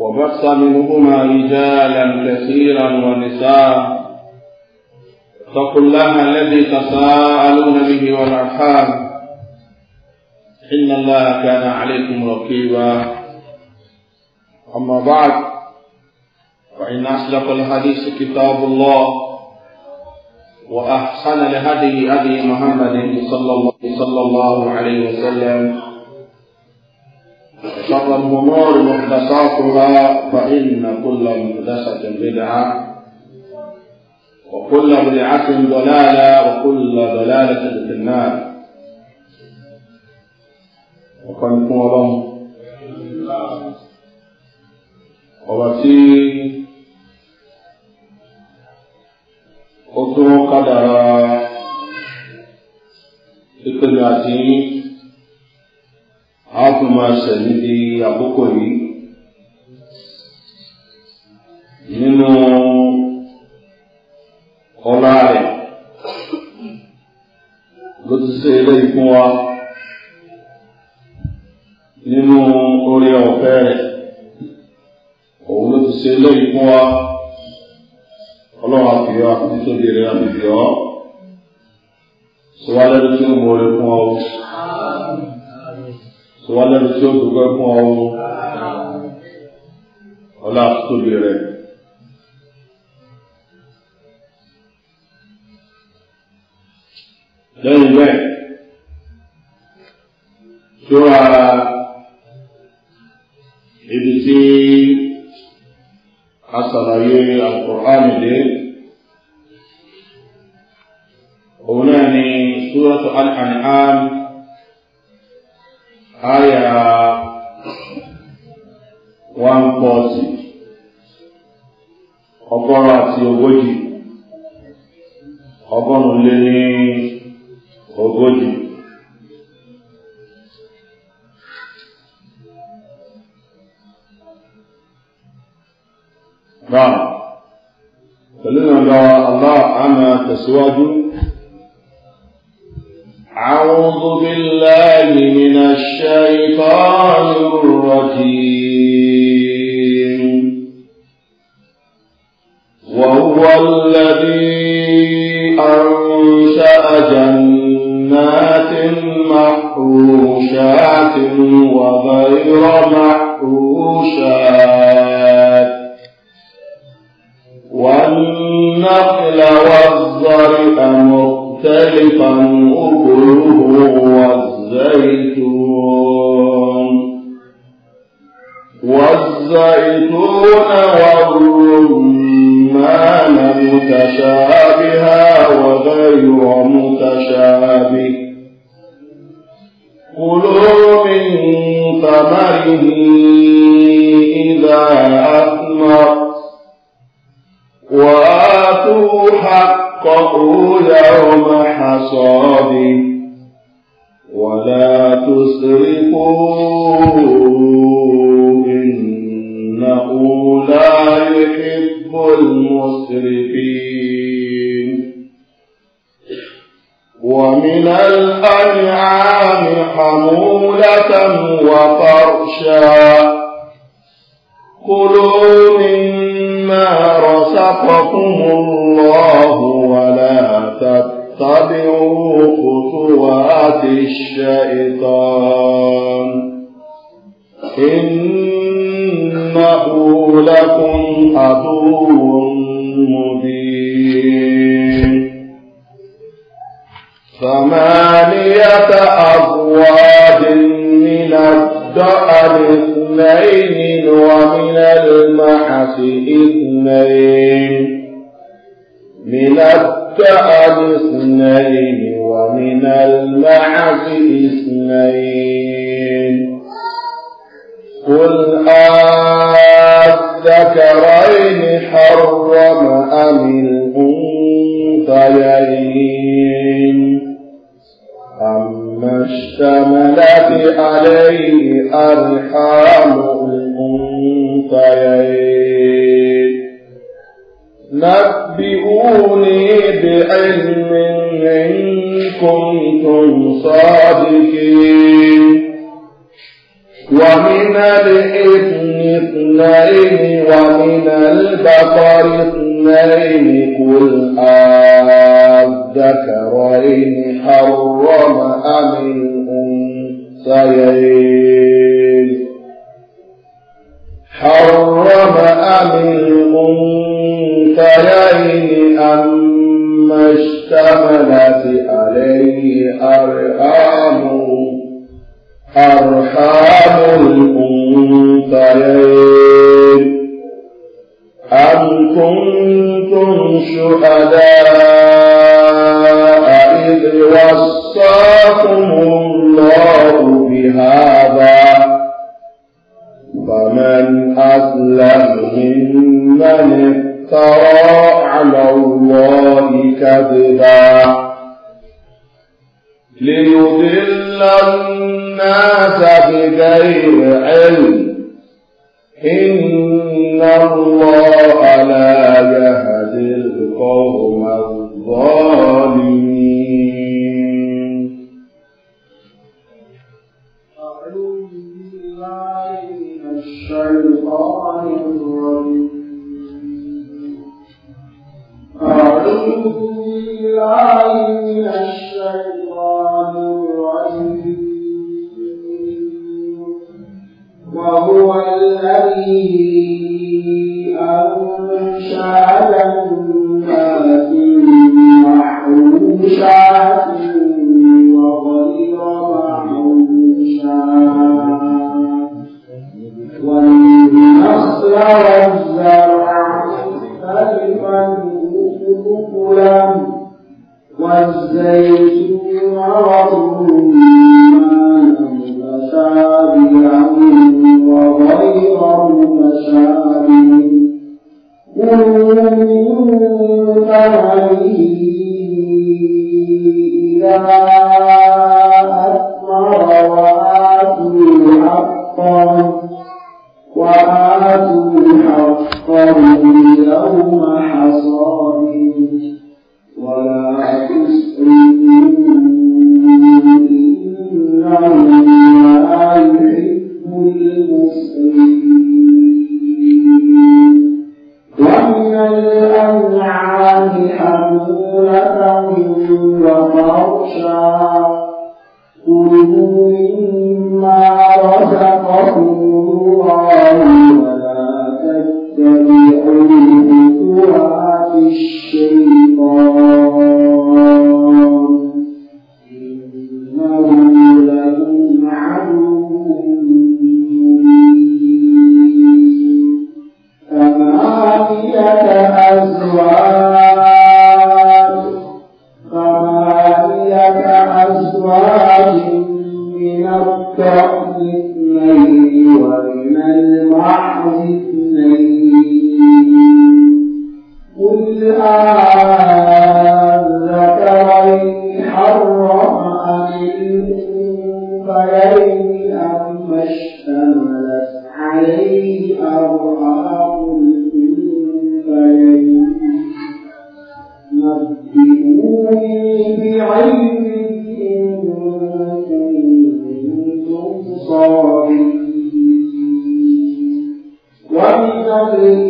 وبص منهما رجالا كثيرا ونساء اتقوا الله الذي تساءلون به والارحام ان الله كان عليكم رقيبا اما بعد فان اصدق الحديث كتاب الله واحسن لهدي ابي محمد صلى الله عليه وسلم شر الأمور محدثاتها فإن كل محدثة بدعة وكل بدعة ضلالة وكل ضلالة في النار وكم الله وبسير قدر tún kádàrá a tún máa ṣẹ̀ níbi àkókò yìí nínú ọlá rẹ̀ ló ti ṣe eléyìí fún wa nínú orí ọ̀fẹ́ rẹ̀ òun ló ti ṣe eléyìí fún wa ọlọ́run àfihàn àti títóbi rẹ̀ àbìbí ọ́ sọ wá lẹ́nu tí ó mọ orí fún ọ sọ wá lẹ́nu tí ó dùgbẹ́ fún ọ ọlá tóbi rẹ̀. lẹ́yìn bẹ́ẹ̀ ṣọ́ra ibi tí a sàlàyé àkùránì dé òun náà ni súrọ́tù al-an'am aya one forty ọgọ́rùn àti ogójì ọgọ́rùn lé ní ogójì. Náà, pẹ̀lú ìrànlọ́wọ́ Allah, a máa tẹ̀síwájú. أعوذ بالله من الشيطان الرجيم وهو الذي أنشأ جنات محروشات وغير محروشات والنقل والزرع مختلفا الزيتون والرمان متشابها وغير متشابه كلوا من ثمره إذا أثمر وآتوا حقه يوم حصاده ولا تسرفوا من الأنعام حمولة وفرشا كلوا مما رزقكم الله ولا تتبعوا خطوات الشيطان إنه لكم عدو مبين ثمانية أبواب من الدأل اثنين ومن المحس اثنين من الدأل اثنين ومن المحس اثنين قل أذكرين حرم أم الأنثيين أما اشتملت عليه أرحام الأنثيين نبئوني بعلم إن كنتم صادقين ومن الإبن اثنين ومن البقر اثنين قل آه الذكرين حرم أم الأنثيين حرم أم الأنثيين أما اشتملت عليه أرحام أرحام الأنثيين أم كنتم شهداء إذ وصاكم الله بهذا فمن أسلم ممن افترى على الله كذبا ليضل الناس بغير علم إن الله لا يهدي القوم الظالمين أعوذ بالله من الشيطان الرجيم أعوذ الصابرين ومن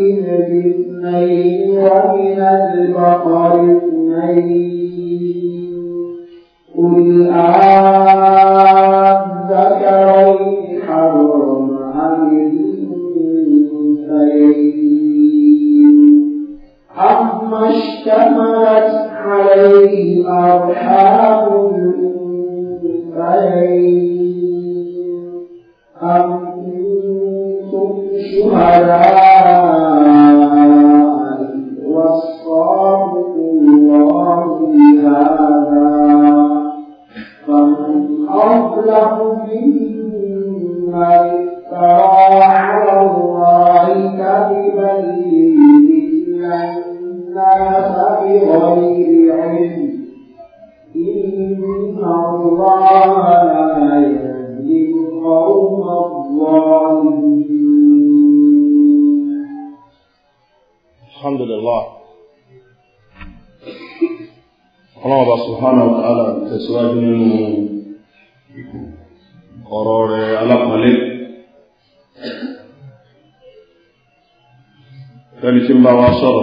also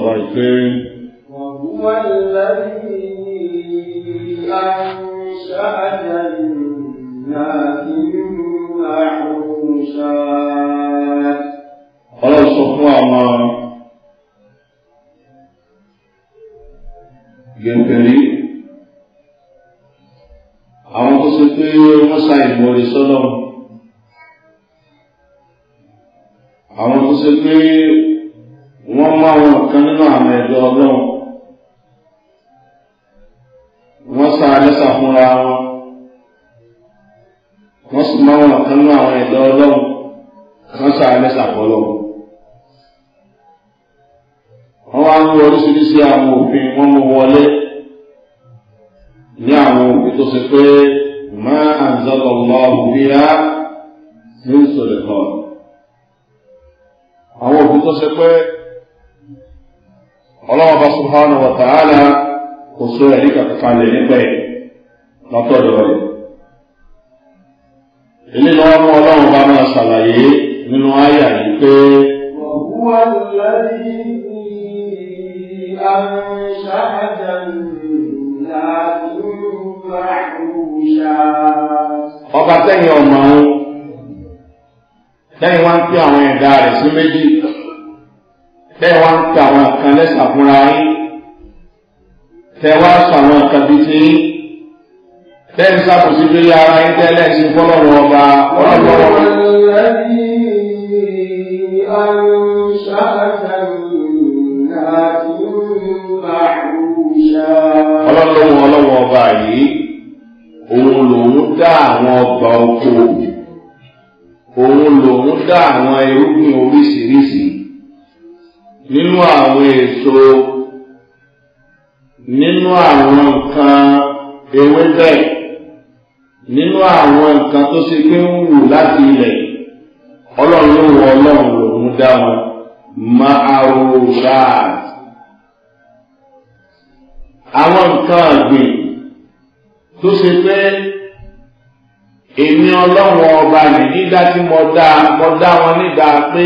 sọ ẹ̀rí kankan lè nípa ẹ̀ lọ́tọ̀dọ̀ rẹ̀. èmi ni wọ́n mú ọlọ́run bá máa ṣàlàyé nínú àyà yìí pé. wàhùwà lẹ́yìn ní àṣàjà ìlànà ìgbà ọba tẹ́yìn ọmọ ọ̀hún tẹ́yìn wá ń pín àwọn ẹ̀dá rẹ̀ sí méjì tẹ́yìn wá ń pín àwọn kan fúnra yín tẹ wá sọ àwọn nǹkan bíi tí bẹ́ẹ̀ sàkóso lórí ara yín tẹ́lẹ̀ sí fọlọ́wọ́ ọba ọlọ́wọ́. ọlọ́lọ́wọ́ ọlọ́wọ́ ọba yìí òun lòun dá àwọn ọgbà oko òun lòun dá àwọn irúgbìn oríṣiríṣi nínú àwọn èso. nínú àwọn nǹkan ewébẹ̀ nínú àwọn nǹkan tó ṣe pé ń wù láti ilẹ̀ ọlọ́run ló wọ ọlọ́run lòún dá wọn ma'arushat àwọn nǹkan ọ̀gbìn tó ṣe pé èmi ọlọ́run ọba yìí nígbà tí mo dá mo dá wọn nígbà pé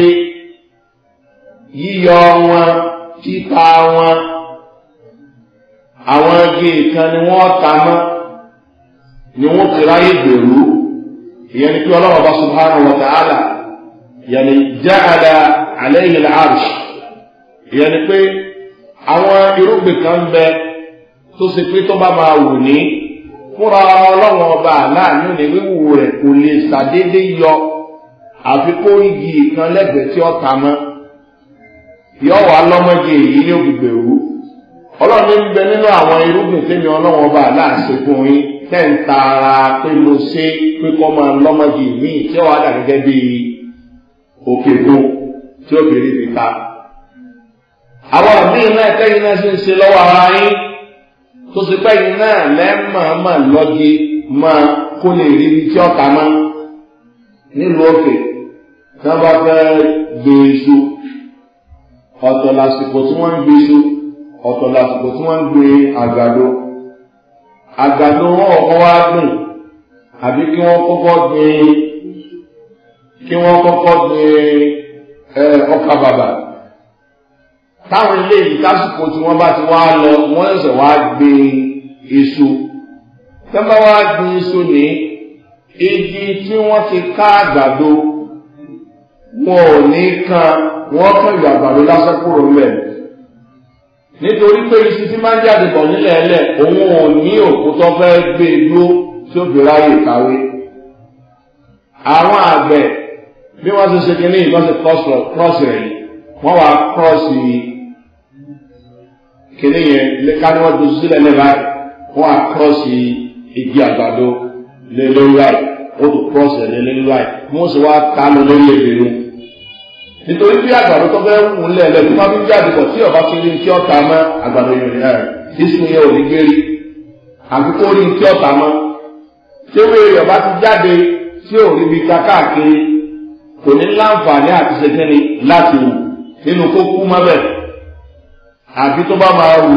yíyọ wọn títa wọn. àwọn igi nǹkan ni wọ́n ta mọ́ ni wọ́n ti ráyè gbèrú ìyẹn ni pé ọlọ́wọ́ bá subhanahu wa ta'ala yẹn ni jáàdá àlẹ́yìn làárùsì ìyẹn ni pé àwọn irúgbìn kan bẹ tó ṣe pé tó bá máa wù ní fúnra ọba ni wíwù rẹ̀ yọ igi lẹ́gbẹ̀ẹ́ tí ta mọ́ yọ wà lọ́mọdé èyí ní ọlọ́run ń bẹ nínú àwọn irúgbìn tẹ́mi ọlọ́run ọba aláàṣẹ fún yín tẹ́ ń ta ara pé mo ṣe pé kọ́ máa lọ́mọdé míì tí ó wà dà gẹ́gẹ́ bí òkè gun tí ó bèrè mi ta. àwọn míì náà tẹ́yìn náà ṣe ń ṣe lọ́wọ́ ara yín tó ṣe pẹ́yìn náà lẹ́ẹ̀mọ̀ọ́mọ̀ lọ́gi máa kó lè rí ibi tí ọ̀tá máa nílùú òkè tí wọ́n bá fẹ́ gbé iṣu ọ̀tọ̀ lásìkò tí wọ́n ń gbé iṣu ọ̀tọ̀ lásìkò tí wọ́n ń gbé àgbàdo àgbàdo wọn ọ̀kọ́ wá gbìn àbí kí wọ́n kọ́kọ́ gbin kí wọ́n kọ́kọ́ gbin ọkà bàbà táwọn eléyìí lásìkò tí wọ́n bá ti wá lọ wọ́n ṣẹ̀ wá gbin èso tẹ́lá wá gbin èso ní igi tí wọ́n ti ká àgbàdo wọn ò ní kan wọ́n kàn ìgbàgbàdo lásán kúrò mẹ́rin nítorí pé iṣu tí máa ń jáde bọ̀ nílẹ̀ ẹlẹ̀ òun ò ní òkú tó fẹ́ gbé e dúró tí ó fi ráyè kàwé. àwọn àgbẹ̀ bí wọ́n ṣe ṣe kínní ìbọn ṣe kọ́ọ̀sì rẹ̀ yìí wọ́n wá kọ́ọ̀sì kínní yẹn ká ní wọ́n dojú sílẹ̀ lẹ́ẹ̀ báyìí wọ́n wá kọ́ọ̀sì igi àgbàdo lé lórí báyìí wọ́n tún kọ́ọ̀sì rẹ̀ lé lórí báyìí wọ́n sì wá ká lórí èdè nù nítorí bí àgbàdo tó fẹ́ wù ú lẹ́lẹ́ tó máa fi jáde pọ̀ tí ọba kiri ní kí ọ̀tá mọ́ àgbàdo yìí ẹ̀ ìsìn yẹn ò ní gbérí àti kó rí ní kí ọ̀tá mọ́ tí ewé ọba ti jáde tí ò rí bi ká káàkiri kò ní láǹfààní àti ṣẹkẹ́ni láti wù nínú kó kú mọ́ bẹ́ẹ̀ àbí tó bá máa wù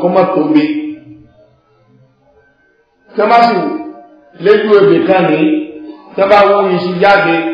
kọ́mọ́ tóbi tẹ́másù lẹ́jọ́ ebè kan ní tẹ́ bá wú iṣu jáde.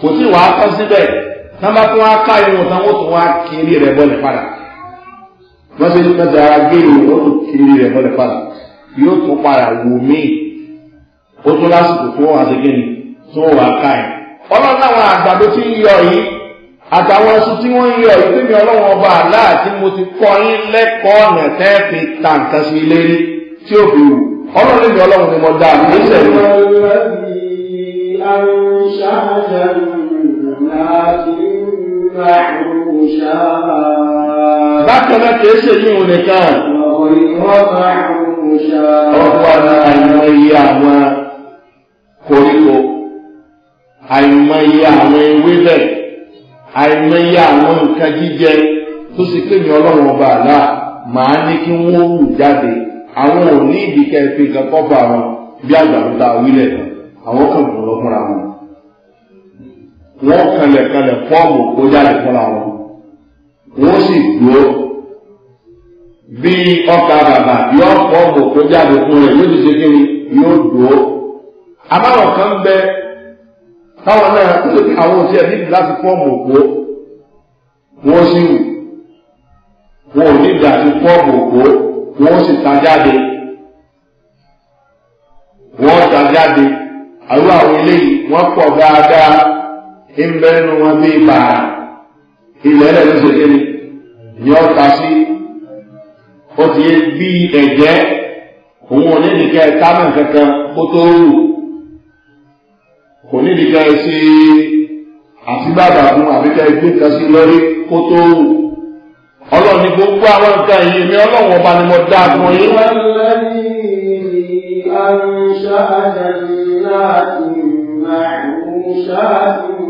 kò tí wàá tọ́ síbẹ̀ tábà tó wàá ká irun tán wọ́n tún wàá kiri rẹ̀ bọ́lẹ̀ padà ara gé kiri rẹ̀ bọ́lẹ̀ padà yóò tún padà wù mí ó lásìkò tó wọ́n ni tó wàá ká ẹ̀ ọlọ́run àwọn àgbàdo tí ń yọ wọ́n ń yọ ọba àlá àti mo ti kọ́ yín lẹ́kọ̀ọ́ ọ̀nà tẹ́ fi ta nǹkan sí ilé rí tí أنشأ جنات معروشا bákan náà kìí ṣe yíwọ̀n nìkan. ọ̀pọ̀ àná àìmọye àwọn koríko àìmọye àwọn ewébẹ̀ àìmọye àwọn nǹkan jíjẹ tó sì pé ní ọlọ́run ọba àlá màá ní kí wọ́n hù jáde àwọn ò ní ìdíkẹ́ fi kankan bá wọn bí àgbàdo wílẹ̀ àwọn kan kò lọ́kùnra wọn. wọ́n kanlẹ̀kanlẹ̀ fọ́ọ̀mù kó jáde fúnra wọn wọ́n sì dúró bí ọkà bàbà yọ fọ́ọ̀mù kó jáde fún rẹ̀ yóò ṣe kí yóò dúró. àbáwọ̀ kan bẹ táwọn náà àwọn òsì ẹ̀mí láti fọ́ọ̀mù wọ́n sì wọ́n ò wọ́n sì ta wọ́n ta jáde àwọn eléyìí wọ́n pọ̀ dáadáa. ìbẹ́ nu wọn bí bàrà ilẹ̀ ẹ̀rẹ́ ló ṣe kéde ni ọ ta sí ó ní nìkẹ́ ẹ̀ka náà kankan kó kò ní nìkẹ́ ẹ̀ sí àtibàbà fún àbíkẹ́ ẹgbẹ́ àwọn nǹkan yìí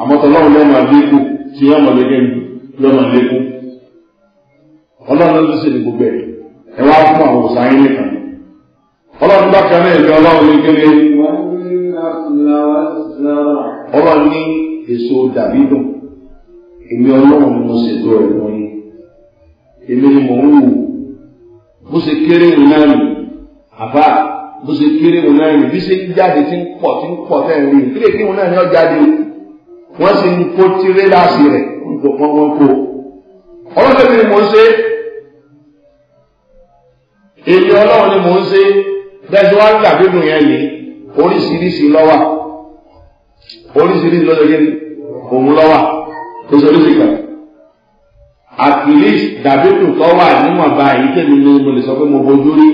àmọ́ tọ́lọ́run ló máa lékún tí yóò máa lékún yóò máa lékún ọlọ́run ló sì ní gbogbo ẹ̀ ẹ wá fún àwọn òsàn yín nìkan ọlọ́run bá kan náà ẹ̀mí ọlọ́run ní kéde ọlọ́run ní èso dàbí dùn èmi ọlọ́run ni mo ṣètò ẹ̀ fún yín èmi ni mò ń wù bó ṣe kéré náà nù àbá wọ́n sì ń kó tirẹ́láàsì rẹ̀ gbọ̀ngàn wọn kó. ọlọ́run ni mò ń ṣe èyí ọlọ́run ni mò ń ṣe bẹ́ẹ̀ wá ń gbàgbé dùn yẹn yìí oríṣiríṣi lọ́wà oríṣiríṣi lọ́sọ̀gẹ́ òun lọ́wà tó sọ lóṣù kan at least dàbídùn tọ́wà níwọ̀nba èyí tẹ̀mí ni mo lè sọ pé mo bójú rí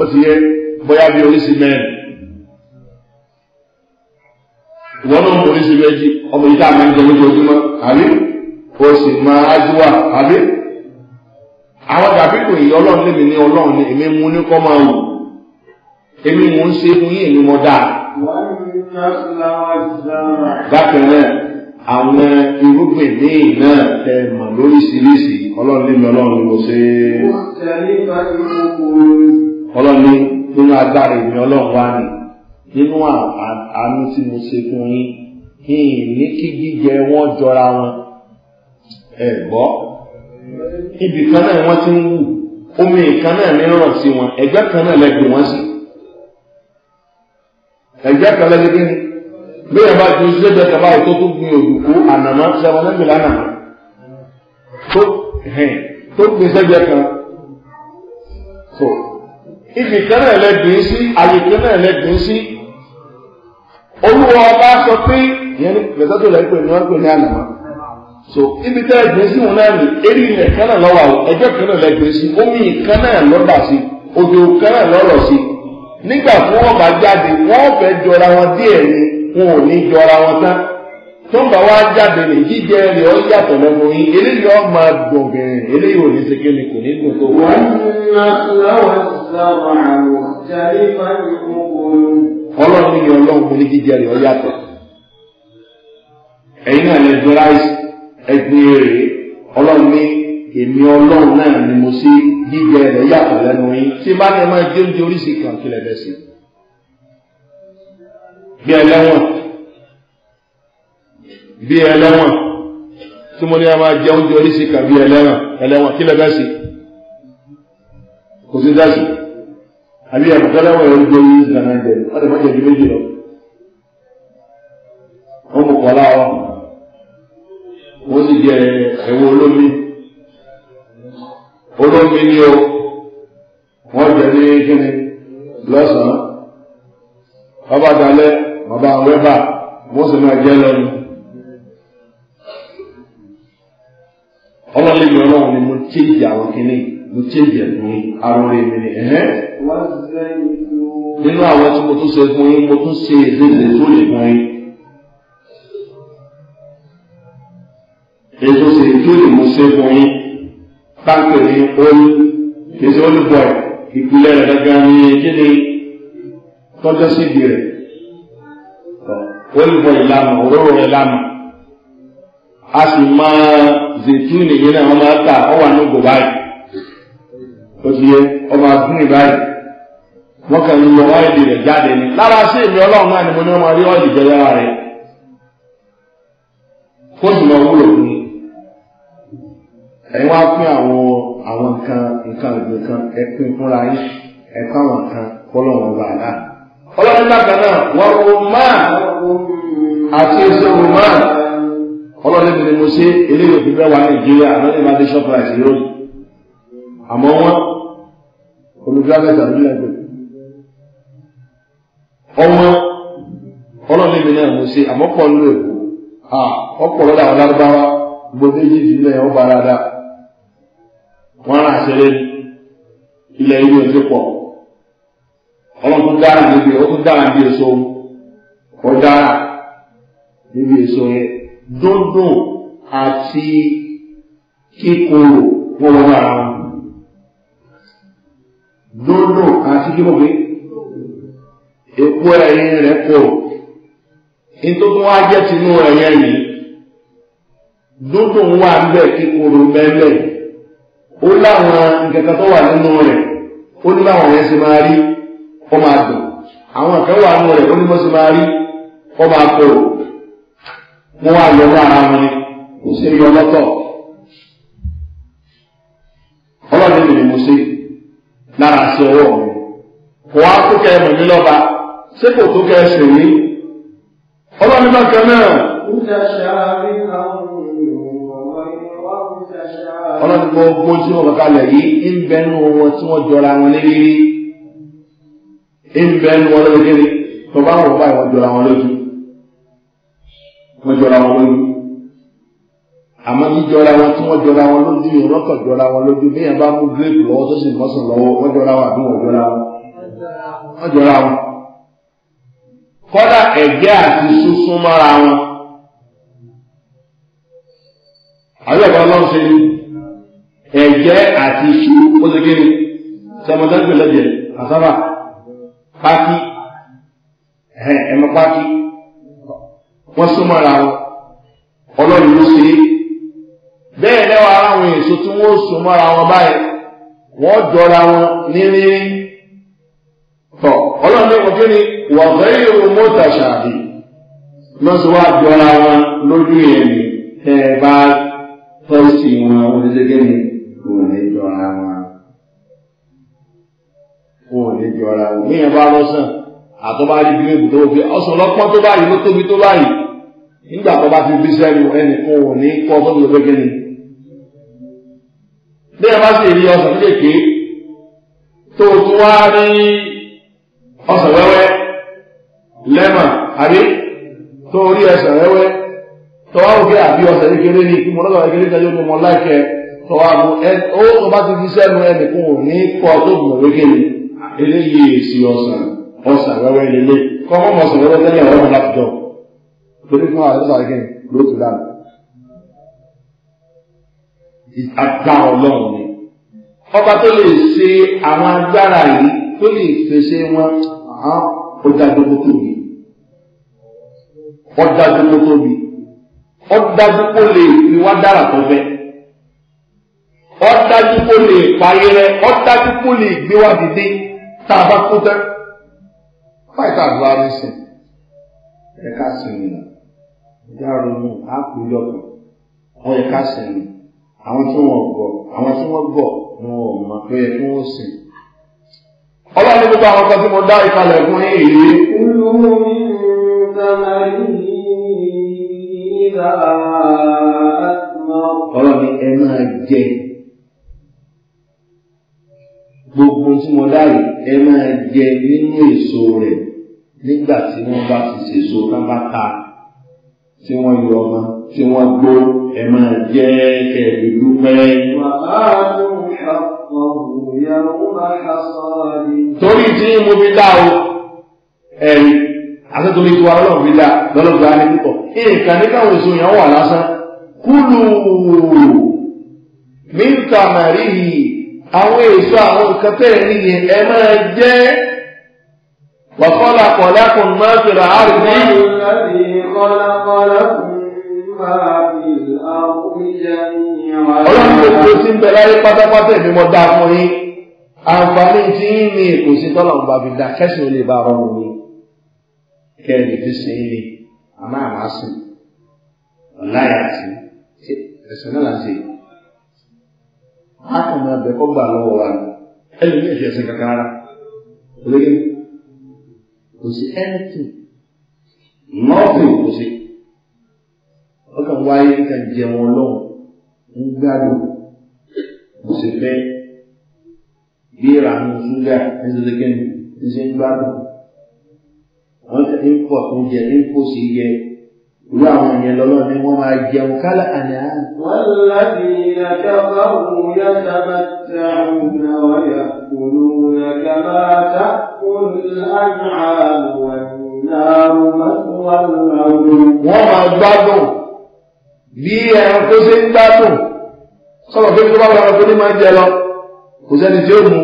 ó ti yẹ bóyá bí oríṣi mẹ́rin. ìwọ náà bụ borí sí méjì ọmọ yìí tá a máa ń jẹ lójoojúmọ́ àbí o sì máa ájúwà àbí. àwọn tàbí kò yí ọlọ́run lèmi ní ọlọ́run ni èmi mú ní kọ́ máa wù èmi mò ń ṣe fún yín èmi mọ́ dáa. bákan náà àwọn irúgbìn míì náà tẹ mọ̀ lóríṣiríṣi ọlọ́run lèmi ọlọ́run ni mo ṣe. ọlọ́run ní nínú agbára ọlọ́run nínú àánú tí mo ṣe fún yín yìí ní kí jíjẹ wọn jọra wọn ẹ gbọ́ ibì kan náà wọ́n ti ń wù omi kan náà ní rọ̀ sí wọn ẹgbẹ́ kan náà lẹ́gbẹ̀ẹ́ wọn sí ẹgbẹ́ kan lẹ́gbẹ̀ẹ́ ní bí ẹ bá ju sílẹ̀ kaba ọ̀tọ̀ tó gbin òdùkú ànàmọ́ sẹ́wọ́n lẹ́gbẹ̀ẹ́ lánàá tó tó gbin sẹ́gbẹ̀ẹ́ kan tó ibì kan náà lẹ́gbẹ̀ẹ́ sí àyè kan náà lẹ́gbẹ̀ẹ́ sí. olúwa ọba sọ pé ìyẹn ní pẹ̀sẹ́tò lẹ́yìn pé ní wọ́n pè ní ànàmọ́ so ibi tẹ́ ẹgbẹ́ sí wọn náà ní eré ilẹ̀ kan náà lọ́wọ́ àwọn ẹjọ́ kan náà sí omi kan náà lọ́dà sí odò kan náà lọ́rọ̀ sí jọra wọn díẹ̀ ni wọn ò ní jọra wọn tán tó ń bá wá jáde ní jíjẹ yàtọ̀ yín eléyìí máa gẹ̀rẹ̀ eléyìí ò ní ni kò ní ọlọ́run ní ọlọ́run mo ní jíjẹ rẹ̀ ọ̀yàtọ̀ ẹ̀yin náà lè dúró àìsí ẹ̀gbìn èrè ọlọ́run ní èmi ọlọ́run náà ni mo sí jíjẹ rẹ̀ yàtọ̀ lẹ́nu yín tí bá ní máa jẹ́ oúnjẹ oríṣi kan kí lè bẹ́sẹ̀ bí ẹlẹ́wọ̀n bí ẹlẹ́wọ̀n tí mo ní a máa jẹ oúnjẹ oríṣi kan bí ẹlẹ́wọ̀n ẹlẹ́wọ̀n kí lè bẹ́sẹ̀ kò sí dásì àbí àbùkálàwọ̀ ẹ̀rọ jẹ́ yìí ìsìnkànnà jẹ wọ́n ti má jẹ̀bi méjì lọ. wọ́n mú kọ́ láwọ́ wọ́n sì jẹ ẹ̀wọ̀ olómi olómi ni o wọ́n jẹ ní kíni lọ́sàn-án bàbá dalẹ̀ bàbá wẹ́bà wọ́n sì máa jẹ́ lọ́nu. ọlọ́lẹ́mi ni mo chéjì àwọn kìnnìkan mùtíyè fún yín arore mi ni nínú àwọn tí mo tún ṣe fún yín mo tún ṣe èzèzè tó lè fún yín èso ṣe tó lè mo ṣe fún yín táǹkì ní olú èso olùbọ̀ ìpìlẹ̀ rẹ̀ gángan ní kíni tọ́jọ́ síbi rẹ̀ olùbọ̀ ìlànà òróró rẹ̀ a sì máa zètúnì yìí náà wọ́n máa ta ọ̀wà ní gòbáyìí. ó ti yẹ ọmọ àdúgbò báyìí wọ́n kàn ń lo jáde ni lára sí èmi ọlọ́run náà ni mo ní ọmọ rí ọ́ìlì jẹ lára rẹ̀ kó sì lọ wúlò fún mi wá pín àwọn àwọn nǹkan nǹkan ìgbìkan ẹ pín fúnra yín ẹ àwọn nǹkan ọlọ́run bákan náà wọ́n máa àti máa ọlọ́run ní mo ṣe eléyìí òfin bẹ́ẹ̀ wá nàìjíríà lọ́dún ìbádé àmọ́ wọ́n olùdílágàjà ló lẹ́gbẹ̀ẹ́ ọmọ ọlọ́ọ̀lẹ́gbẹ̀ẹ́ náà mo ṣe àmọ́ pọ̀ nínú èkó ọ̀pọ̀ lọ́dọ̀ àwọn lárúbáwá gbogbo ìdílé wọn ilẹ̀ ìlú ètò pọ̀ ọlọ́run dára níbi ó tún dára níbi èso ó dára níbi èso yẹn dúndùn àti kíkorò dódò àti kí ló gbé epo ẹ̀yìn rẹ̀ kòrò nítorí wọ́n á jẹ́ tinú ẹ̀yẹ yìí dódò wà ńbẹ̀ kíkorò bẹ́ẹ̀ ó láwọn nǹkan tó wà nínú rẹ̀ ó ní báwọn yẹn ṣe máa rí máa dùn àwọn wà nínú rẹ̀ ó ní ṣe máa lára sí ọwọ́ mi kò wá kó kẹ́ mọ̀ mí lọ́ba ṣé kò tó kẹ́ ṣe mí ọlọ́run bá kan náà. ọlọ́run gbogbo tí wọ́n kọ́ka lẹ̀ yìí ń bẹ nínú wọn tí wọ́n jọra wọn lérí ń bẹ wọn lórí kéré tó wọn báyìí wọ́n jọra wọn lójú wọ́n jọra wọn lójú àmọ́ jíjọra wọn tí wọ́n jọra wọn lójú yìí wọ́n kàn jọra wọn lójú bí yẹn bá mú gírèpù lọ́wọ́ tó sì mọ́sàn lọ́wọ́ wọ́n jọra wọn àbí wọ́n jọra wọn. wọ́n jọra wọn. kọ́dà ẹ̀jẹ̀ àti sunsun mọ́ra wọn. àbí ọ̀gá ọlọ́run ṣe ni ẹ̀jẹ̀ àti su ó ṣe kí ni sọmọdébìnrin lẹ́jẹ̀ àsábà pákí ẹ̀mọ pákí wọ́n sún mọ́ra wọn ọlọ́run ló ṣe é. bẹ́ẹ̀ lẹ́wọ̀ ara àwọn èso tí wọ́n sùn mọ́ra wọn báyìí wọ́n jọra wọn ní rírí ọlọ́run lẹ́kọ̀ọ́ kí ni wọ̀gẹ́ ìrù mọ́tà ṣàbí lọ́sọ̀ wá jọra wọn lójú ẹ̀mí ẹ bá tọ́sí wọn ni kò ní jọra wọn. kò ní jọra wọn. ní ìyẹn bá lọ́sàn àtọ́bá rí gírèbù tó fi ọ̀sán tó báyìí ló tóbi tó báyìí nígbà tó bá fi bí ẹnì ní bí ẹ bá sì rí ọsàn kéékèèké tó o tún wá ní ọsàn wẹ́wẹ́ lẹ́mà àbí tó o rí ọsàn wẹ́wẹ́ tọ́wá òkè àbí ọsàn kékeré ni kí mo lọ́sàn kékeré ní ẹjọ́ mi mọ láìkẹ́ tọ́wá mu ẹ ó tó bá ti fi sẹ́nu ẹ nìkan ò ní kọ́ tó gbọ̀ wékè ni eléyìí èsì ọsàn ọsàn wẹ́wẹ́ lélẹ̀ kọ́ mọ́ ọsàn wẹ́wẹ́ tẹ́lẹ̀ ọ̀rọ̀ mi láti jọ torí fún àwọn ọsàn kékeré ló dáná agbára ọlọ́run ni ọba tó lè ṣe àwọn agbára yìí tó lè fèsè wọn ọjà gbogbo tóbi ọjà gbogbo tóbi ọjà gbogbo lè fi wá dára tó fẹ́ ọjà gbogbo lè parí rẹ ọjà gbogbo lè gbé wá dìde tá a bá kú tán fáìtà àdúrà ní sìn ẹ̀ka sìn nù ìjà ronú àpòjọ kan ọ̀ẹ̀ka sìn nù àwọn tí wọ́n gbọ́ àwọn tí wọ́n gbọ́ ni wọ́n mọ̀ pé kí wọ́n sìn. ọlọ́run gbogbo àwọn kan tí mo dá ìkalẹ̀ fún yín yìí. olùwọ́ mi ń sábà yìí ìlà àtúmọ̀. ọlọ́run ni ẹ máa jẹ gbogbo tí mo dá yìí ẹ máa jẹ nínú èso rẹ̀ nígbà tí wọ́n bá ti ṣèso ká bá tí wọ́n yọ ọmọ tí wọ́n gbóró ẹ máa jẹ́ kẹ̀lú dúpẹ́. torí tí mo fi dá o ẹ̀rí àtẹ́tòmí tiwa lọ́nà fi dá lọ́nà fi dá ní púpọ̀ nǹkan ní káwọn èso yẹn wà lásán kúlù mí ń ta màrí yìí àwọn èso àwọn nǹkan tẹ̀ ní yẹn ẹ máa jẹ́ wàkọ́lá kọ̀ọ̀lá kò má fèrè àrùn ní ọlọ́run tó kó sí ń bẹ láyé pátápátá èmi mọ́ dáa fún yín àǹfààní tí yín ní kò sí tọ́lọ̀ ń bàbí dá kẹ́sìn ò lè bá ọrùn mi kẹ́rin fi ṣe é ní àmọ́ àmọ́ sùn ọ̀láyà sí ẹ̀sìn náà láti á kàn máa bẹ̀ kọ́ gbà lọ́wọ́ wa ẹni ní ìṣẹ̀sìn kankan rárá olóyè kò sí ẹni tì nọ́ọ̀tì kò sí ọkàn wáyé nǹkan jẹun ọlọ́run ń gbádùn kò sì fẹ́ bí ìrànú ṣúgà nítorí kẹ́ni ń ṣe ń gbádùn wọ́n ti ń pọ̀ tó jẹ ń kó sí yẹ irú àwọn ìyẹn lọ́lọ́ ni wọ́n máa jẹun kálá àná. wọ́n láti ìyàtọ̀kọ̀ òun yá sábà tí àwọn ọ̀nà ọ̀yà kò lóun ẹ̀ka máa ta kó láàrín àwọn ọ̀nà àrùn mọ́tò wà wọ́n máa gbádùn bí ẹran tó ṣe ń gbádùn sọ̀rọ̀ pé tó bá wà lọ́kọ́ ní máa ń jẹ lọ kò sẹ́ni tí ó mu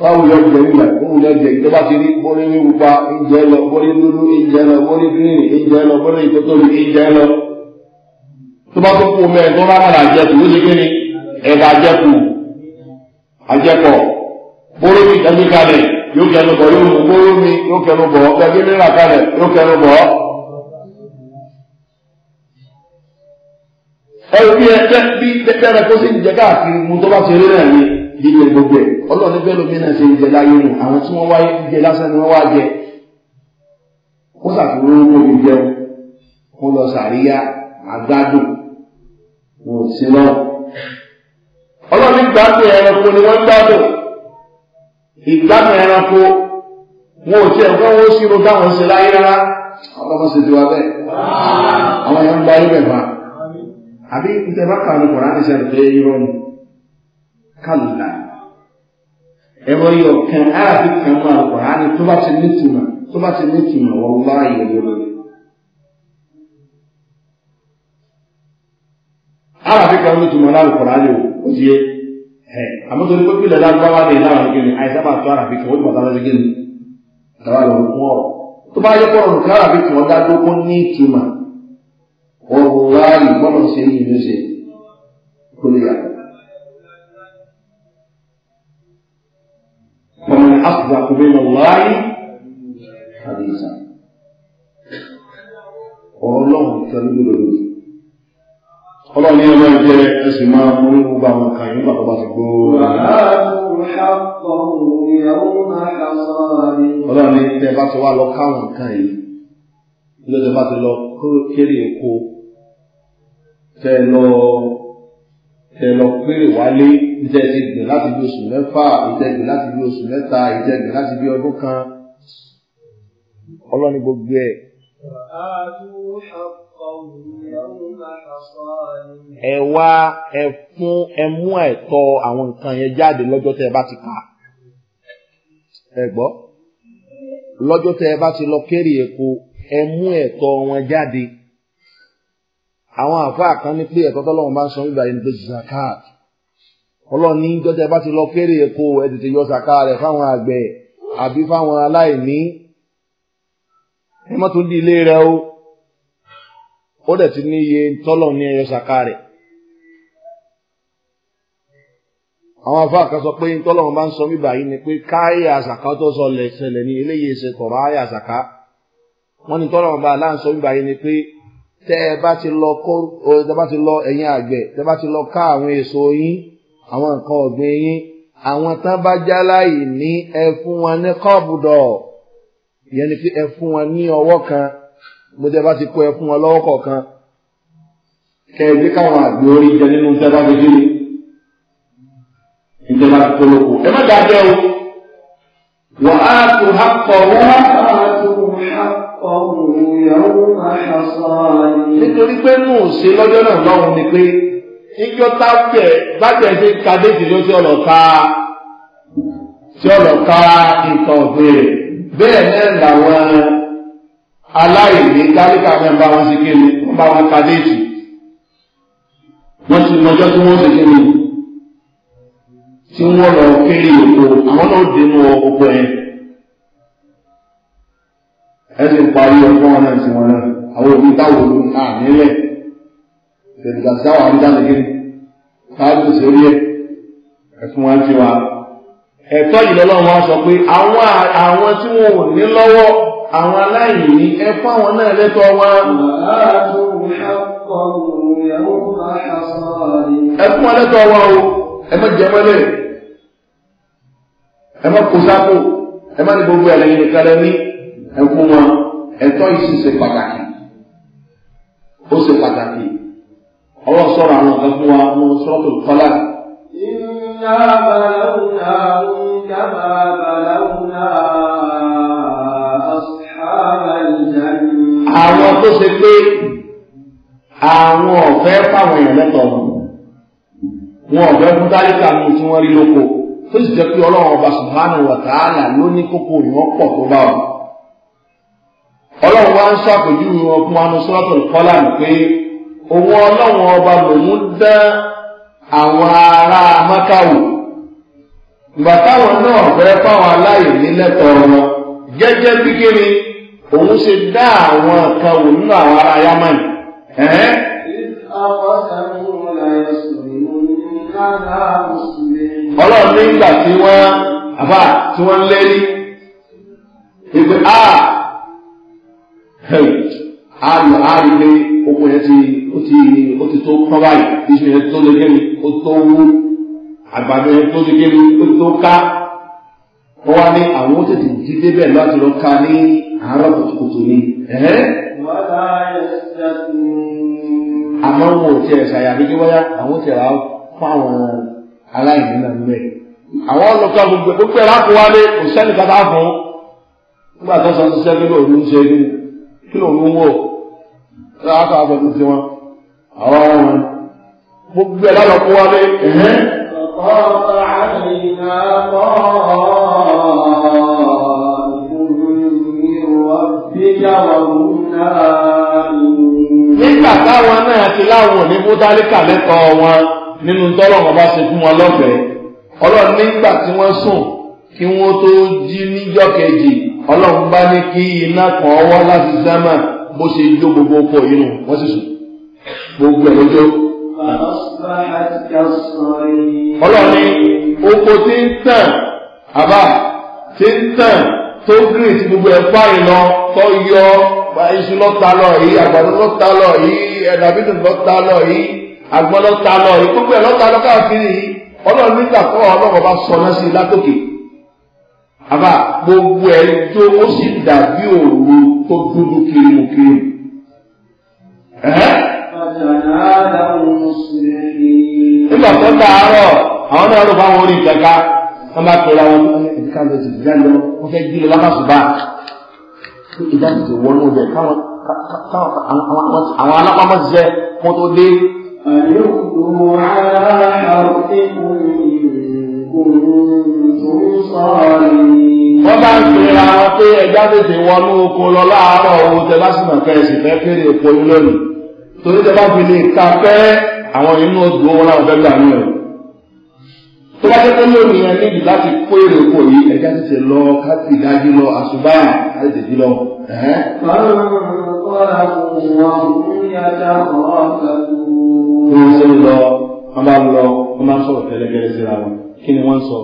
báwo yọ jẹ nígbà tó wù lẹ́jẹ̀ ìjọba ti rí bórí wíwúpa ìjẹ lọ bórí dúdú ìjẹ lọ bórí gírínì ìjẹ lọ bórí ìtótóbi ìjẹ lọ. tó bá tó kú mẹ́rin tó bá kàrà àjẹkù ló ṣe kí ni ẹ̀ka àjẹkù àjẹkọ̀ bórí mi tẹ́lifíkalẹ̀ yóò kẹnu bọ̀ yóò mú bórí mi yóò kẹnu bọ̀ ọ̀kẹ́ gírí ẹbí ẹtẹ bí tẹtẹ rẹ kó sì ń jẹ káàkiri mu tó bá ti rí náà yé ìdílé gbogbo ẹ ọlọ́ọ̀ni bẹ́ẹ̀ lómi náà ṣe ìjẹ láyé nù àwọn tí wọ́n wáyé jẹ lásán ni wọ́n wá jẹ kó sàfihàn owó mi jẹun kó lọ sàríyá àgbádùn wọn ò sí lọ. ọlọ́ọ̀ni gbádùn ẹranko ni wọ́n gbádùn ìgbádùn ẹranko wọn ò tiẹ̀ fún owó sírun táwọn ṣe láyé rárá ọlọ́mọ ṣètò wa àbí ntẹ bá kà ní kọ̀ọ̀rán ní sẹ́nu tó yẹ irọ́ nù kàlùlà yọ kàn áàbí kan mọ́ àkọ̀ọ̀rán ní tó bá ti ní tùmọ̀ tó bá ti ní tùmọ̀ wọ́n wá ìyẹ̀wò lórí. áàbí kan ní tùmọ̀ láàrú kọ̀ọ̀rán wàlúwàlú bọ́lọ̀ ṣe ní ìlú ṣe kó lè yà. Fọmọlẹ̀ àkùdà kò bẹ́ẹ̀ lọ wáyé àdìsá. Ọlọ́run tẹ́lú gbọ́dọ̀ lórí. Ọlọ́run ní ọlọ́run jẹ́ ẹsìn máa mú gbogbo àwọn kan yìí bàbá bá ti gbó. Ọlọ́run ní tẹ́ bá ti wá lọ káwọn nǹkan yìí. Ilé ìjọba ti lọ kéré oko tẹ lọ tẹ lọ péré wálé ìtẹ̀gbìn láti bí oṣù mẹ́fà ìtẹ̀gbìn láti bí oṣù mẹ́ta ìtẹ̀gbìn láti bí ọdún kan ọlọ́ni gbogbo ẹ̀. ẹ wá ẹ fún ẹ mú ẹ̀tọ́ àwọn nǹkan yẹn jáde lọ́jọ́ tẹ́ ẹ bá ti kà ẹ gbọ́ lọ́jọ́ tẹ́ ẹ bá ti lọ kéré èpo ẹ mú ẹ̀tọ́ wọn jáde àwọn àfáà kan ní pé ẹ̀kọ́ tọ́lọ́run bá ń san bíbá yẹn ní pé zakat ọlọ́run ní jọ́jà bá ti lọ kéré èkó ẹ̀ tètè yọ zakat rẹ̀ fáwọn àgbẹ̀ àbí fáwọn aláìní ẹ má tún di ilé rẹ o ó dẹ̀ ti ní iye tọ́lọ́run ní ẹ̀yọ zakat rẹ̀ àwọn àfáà kan sọ pé tọ́lọ́run bá ń san bíbá yìí ni pé káyà zaka tó sọ lẹ̀ ṣẹlẹ̀ ní eléyìí ṣe tọ̀rọ̀ áyà zaka wọ́n ní tọ́lọ́run bá aláǹsọ tẹ ẹ bá ti lọ kó tẹ bá ti lọ ẹ̀yin àgbẹ̀ tẹ bá ti lọ ká àwọn èso yín àwọn nǹkan ọ̀gbìn yín àwọn tán bá já láì ní ẹ fún wọn ní kọ́ọ̀bùdọ̀ ìyẹn ni pé ẹ fún wọn ní ọwọ́ kan mo tẹ bá ti kó ẹ fún wọn lọ́wọ́ kọ̀ọ̀kan. kẹ ẹ gbé káwọn àgbẹ̀ orí jẹ nínú tẹ bá fi dúró ní tẹ bá ẹ má dájọ́ o wà á tún hapọ̀ wọ́n á tún hapọ̀. nítorí pé nù ṣe lọ́jọ́ náà lọ́hùn ni pé ṣe ló ṣe ṣe nǹkan ọ̀gbìn bẹ́ẹ̀ náà làwọn aláìní kálíkà bá wọn ṣe ka wọ́n ti mọjọ́ tí wọ́n ṣe tí wọ́n lọ kéde òkú àwọn náà dé ẹsẹ̀ ń parí ọgbọ́n wọn náà sí wọn náà àwọn òbí táwọn olú náà nílẹ̀ ìdẹ̀dùgbà sí àwọn àrídá nìkan káàdù sórí ẹ̀ ẹ̀fún wọn ti wá. ẹ̀tọ́ ìlọ́lọ́run wa sọ pé àwọn àwọn tí wọn ò ní lọ́wọ́ àwọn aláìní ẹ fáwọn náà lẹ́tọ́ wọn. ẹ fún wọn lẹ́tọ́ wọn o ẹ má jẹ mọ́lẹ̀ ẹ má kó sápò ẹ má ní gbogbo ẹ̀ lẹ́yìn nìkan lẹ́ni ẹkún wọn ẹtọ́ yìí sì ṣe pàtàkì ó ṣe pàtàkì ọwọ́ sọ̀rọ̀ àwọn ọ̀gá fún wa mú sọ́ọ̀tù kọ́lá. iná balawuna kama balawuna ashabaljanna. àwọn tó ṣe pé àwọn ọ̀fẹ́ fáwọn èèyàn lẹ́tọ̀ọ́ wọn ọ̀fẹ́ fún tálíkà mi tí wọ́n rí lóko tó sì jẹ́ pé ọlọ́run ọba sùnmánù wọ̀tá àlà ló ní kókó ìwọ́n pọ̀ tó bá wọn. ọlọ́run wá ń ṣàpèjúwe wọn fún wa ní ní pé òun ọlọ́run ọba lòun dán àwọn ará amákàwò ìgbà táwọn náà fẹ́ fáwọn aláìní lẹ́tọ̀ọ́ wọn jẹ́jẹ́ bí òun ṣe dá àwọn kan wò nínú àwọn ará ọlọ́run nígbà tí wọ́n àbá tí wọ́n ìpè ah, àárí àárí pé oko yẹn ti ó ti ó ti tó kán báyìí iṣu yẹn tó lé kéwì ó tó wú àgbàdo yẹn tó lé kéwì ó tó ká wọ́n wá ní àwọn ó tètè dídé bẹ́ẹ̀ láti lọ ká ní àárọ̀ kùtùkùtù ni. àmọ́ wọn ò tiẹ̀ ṣàyà bí kí wọ́n yá àwọn tiẹ̀ wá fún àwọn aláìní náà níbẹ̀. àwọn ọlọ́kọ̀ gbogbo gbogbo ẹ̀ láti wá lé òṣèlú kata fún un nígbà tó sọ ṣiṣẹ́ nínú òun ń ṣe nínú kí ló ń wò láàkà àgbẹ̀ tó ti wọn àwọn ọmọ wọn gbogbo ẹ̀ lálọ́ fún wa lé. ọ̀pọ̀ àyìnbá kọ́ nígbà táwọn náà ti láwọn òní múdálíkà lẹ́kọ̀ọ́ wọn nínú tọ́lọ́mọ bá ṣe fún wọn lọ́fẹ̀ẹ́ ọlọ́run nígbà tí wọ́n sùn kí wọ́n tó jí níjọ́ kejì ọlọ́run bá ní kí iná kan ọwọ́ láti sámà bó ṣe jó gbogbo ọkọ̀ yìí nù wọ́n sì sùn gbogbo ẹ̀ lójó. ọlọ́run ní oko tí ń tàn àbá tí ń tàn tó gírì tí gbogbo ẹ̀ fáyìn lọ tó yọ iṣu lọ́ta lọ yìí àgbàdo lọ́ta lọ yìí ẹ̀dàbídùn lọ́ta lọ yìí àgbọn lọ́ta lọ yìí gbogbo ẹ̀ lọ́ta lọ káàkiri yìí ọlọ́run nígbà tó ọlọ́run bá sọ náà sí i látòkè àbá gbogbo ẹ̀ tó ó sì dàbí òru tó dúdú kiri mú kiri. nígbà tó dàárọ̀ àwọn náà ló bá wọn rí ìjàká wọn bá tẹ̀lé àwọn ẹ̀ka lọ sí ìjà lọ wọn fẹ́ gbé lọ lábàṣùbà ìjà sì ti wọnú ọbẹ̀ káwọn àwọn alápámọ́ ṣiṣẹ́ wọn tó dé. àyẹ̀wò àárá àrùn ẹ̀kọ́ yìí wọ́n bá ń pe àwọn pé ẹja tètè wọnú oko lọ láàárọ̀ owó tẹ lásìkò kẹsì fẹ́ kéré epo yín lónìí torí tẹ bá fi lè ka pẹ́ àwọn inú odò wọn làwọn fẹ́ gbà nílẹ̀ tó bá jẹ́ pé lónìí yẹn níbi láti kó èrè oko yìí ẹja tètè lọ káàtì dájú lọ àṣùbà láti tètè lọ. wọ́n ń sọ lọ wọ́n bá ń lọ wọ́n bá ń sọ̀rọ̀ tẹ́lẹ̀kẹ́lẹ́ síra wọn kí ni wọ́n sọ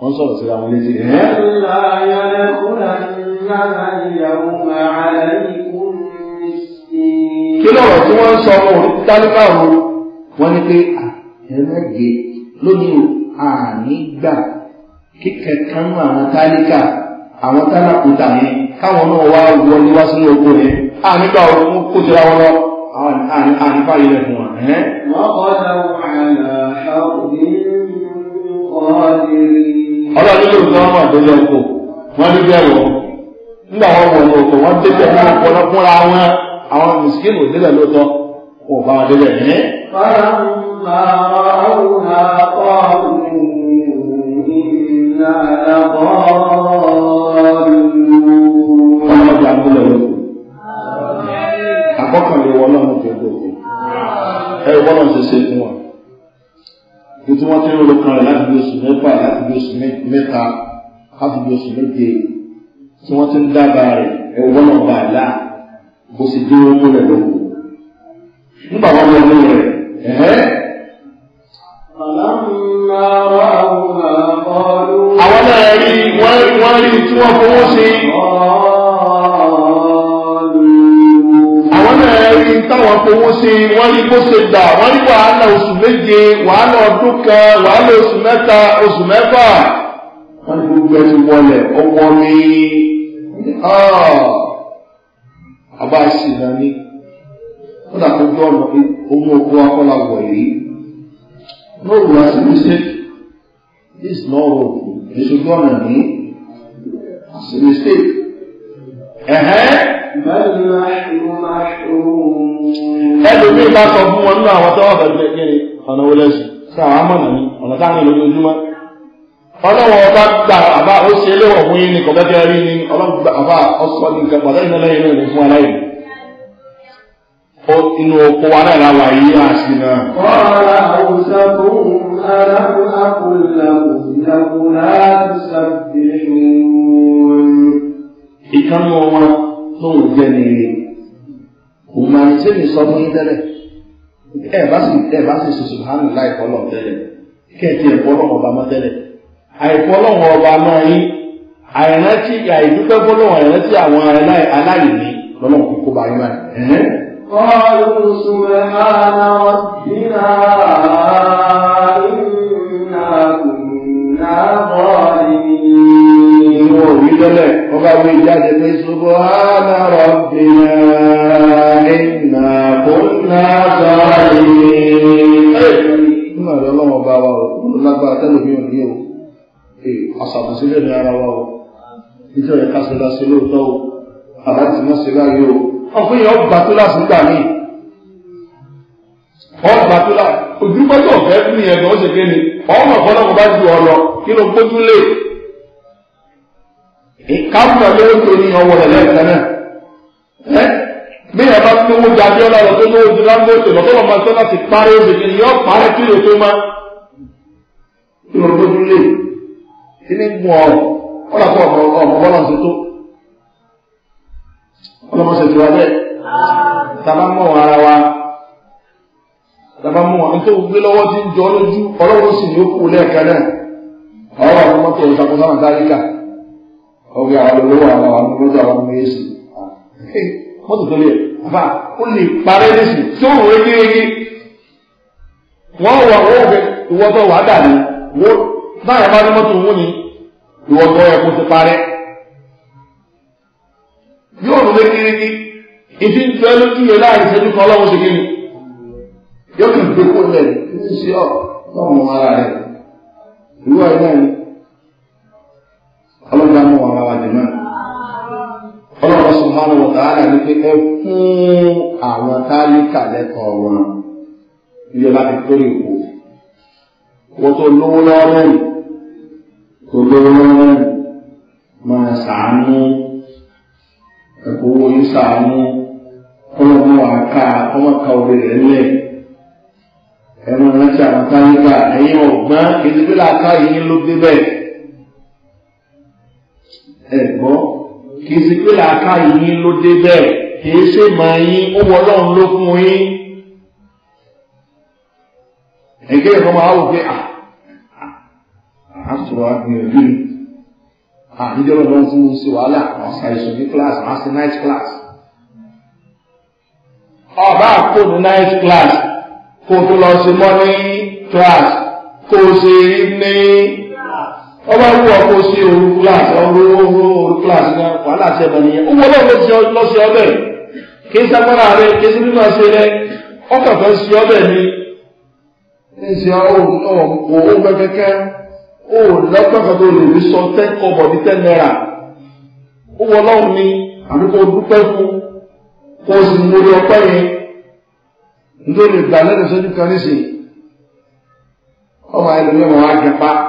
wọ́n sọ̀rọ̀ síra wọn létí. ẹ̀ẹ́dùnlá ayọ̀lẹ̀ kúrò nígbà ìyàwó ààrẹ ikú mi sí. kí lọ́rọ̀ tí wọ́n sọ ọmọ òní tálíkà wọn wọ́n ní pé ẹ̀ẹ́dẹ́gbẹ́ lónìí o àní gbà kíkẹ́ kánú àwọn tálíkà àwọn tálákùtà yẹn káwọn náà wá wọlé wá sínú oko yẹn àní gbà ó kó jẹra wọn lọ àní fáyé rẹ̀ fún wa. wọ́n kọ́ sáwọn àlàáfáà òní ọlọ́run yóò fún ọmọ àdéhùn oko wọ́n ní bẹ́ẹ̀ wọ́n nígbà wọn wọ̀ ní oko wọ́n débẹ̀ ní ọpọlọ fúnra wọn àwọn mùsùlùmí ò débẹ̀ lóòótọ́ wọn ò bá wọn débẹ̀ ní. ọlọ́run yà múlẹ̀ lóko àkọ́kànlé ẹ wọ́n ṣe ṣe fún wọn ní tí wọ́n ti ń lo kan rẹ̀ láti bí oṣù mẹ́fà láti bí oṣù mẹ́ta láti bí oṣù méje tí wọ́n ti ń dábàá rẹ̀ ẹ̀ wọ́n náà bá a lá bó sì dé owó rẹ̀ lóko. nígbà wọn lọ lóore rẹ̀ ẹ̀hẹ́. àwọn náà rí wọ́n rí tí wọ́n fowó ṣe. fowó ṣe wọ́n rí bó ṣe gbà wọ́n rí wàhálà oṣù méje wàhálà ọdún kan wàhálà oṣù mẹ́ta oṣù mẹ́fà wọ́n ní gbogbo ẹ ti wọlé ọwọ́ mi ah! àbá ìsìnà ni wọ́n dàgbọ́ gbọ́ ọ̀nà pé owó owó akọ́lá wọ̀ yìí no was a mistake this no road èso gbọ́ ọ̀nà ní as a mistake ẹlòmíì bá sọ fún wọn nínú àwọn tọwọ pẹ̀lú kékeré ọ̀nà wọlé sí sí àwọn amọ̀nà ní ọ̀nà táwọn lójoojúmọ́ ọlọ́wọ́ ọba gba àbá ó ṣe léwọ̀ fún yín ní kọ̀kẹ́kẹ́ rí ní ọlọ́wọ́ gba àbá ọsọ ní nǹkan pàtàkì náà lẹ́yìn náà ní fún aláìní inú oko wa náà láwa yìí á sí náà. Ọ̀rọ̀ àwùjọ fún arákùnrin àkùnrin làwọn ìyàwó láti ṣàbẹ̀wò. ìkànnì wọn tóun jẹ́ nìyí kò sọ fún yín tẹ́lẹ̀ ẹ bá sì ẹ bá ọba mọ́ tẹ́lẹ̀ àìfọ́ ọba máa yín àìrántí àìdúpẹ́ fọlọ́wọ́ àìrántí àwọn aláìní lọ́wọ́ kókó bá na bá wí jáde pé ṣubú àmàrọ̀ bìnà ìnà kúnlá sáré. Nínú àlọ́ ọlọ́wọ́ bá wa o, ó lágbára tẹ́lẹ̀ mi ò ní o, àṣàbùsílẹ̀ ṣe lóòótọ́ o, àbá ti mọ́ ṣe láyé o. Ọ̀fun yẹn ó gbà tó láṣù gbà mí. Ọ̀ tó láṣù, ojúbọ́tò ọ̀fẹ́ fún yẹn gan ó ṣe kéde, ọmọ ọ̀fọ́lọ́kọ̀ bá ju ọ lọ, kí ló gbójú lé? ìkáwùtà yóò tó ní ọwọ́ rẹ̀ lẹ́ẹ̀kan náà ẹ́ bí ẹ bá tún owó jáde ọlọ́run tó lówó ju lágbóòtò lọ́tọ́ lọ́mọ tó láti parí obìnrin yọ parí tí lè tó máa lọ́dún lè kí ní mú ọrùn ọlọ́pàá ọmọ ọmọ bọ́lá ṣe tó ọlọ́mọ ṣe tó wá bẹ́ẹ̀ tàbá mọ̀ ara wa tàbá mọ̀ wọn nítorí gbé lọ́wọ́ tí ń jọ lójú ọlọ́run sì ní ó kú lẹ́ẹ̀kan náà ọ̀rọ̀ àwọn mọ́tò ìṣàkóso àwọn sáríkà. ọgbà àwọn olówó àwọn àwọn olówó àwọn ọmọ yéésù mọ́tò tó lé àbá ó lè tí ó wọ́n yé yé wọ́n wọ àwọn lọ lé ọlọ́dà mú wàrà wa jẹ̀mọ́ ọlọ́run subhanahu wa ta'ala ní pé ẹ fún àwọn táyíkà lẹ́kọ̀ọ́ wọn ilé bá ti tó ìkó wọ́n tó lówó lọ́rùn tó lówó lọ́rùn máa sàánú ẹ̀kọ́ owó yìí sàánú ọlọ́run wà ká ọmọ kan orí rẹ̀ lẹ̀ ẹnu rántí àwọn táyíkà ẹ̀yin ọ̀gbọ́n kìí ti bí làákà yìí ló dé bẹ́ẹ̀ ẹ̀gbọ́n kì í sì pé làákà yín ló dé bẹ́ẹ̀ kì í ṣe mọ̀ yín ó wọ ọlọ́run ló fún yín. ẹ̀gẹ́ ìfọ́n máa wò pé à sọ àgbìyànjú e àníjọ́rọ̀ náà tí mo ṣe wàhálà àṣà ìṣòdì class àṣà night class. ọba àkóòdù night class kó tó lọ sí morning class kó o ní. ọba wú ọkọ sí oru kíláàsì ọrú oru oru kíláàsì náà wàhálà sẹbẹ nìyẹn ó wọlé ọkọ sí lọsí ọbẹ kí n sagbara rẹ kí n ṣe rẹ ọkọ fẹ sí ọbẹ mi ń ọ ọ ọgbẹ kẹkẹ ó tó lè sọ tẹ ní tẹ náírà ó ni àbí kò fún o sì mú orí yẹn sójú kan ọmọ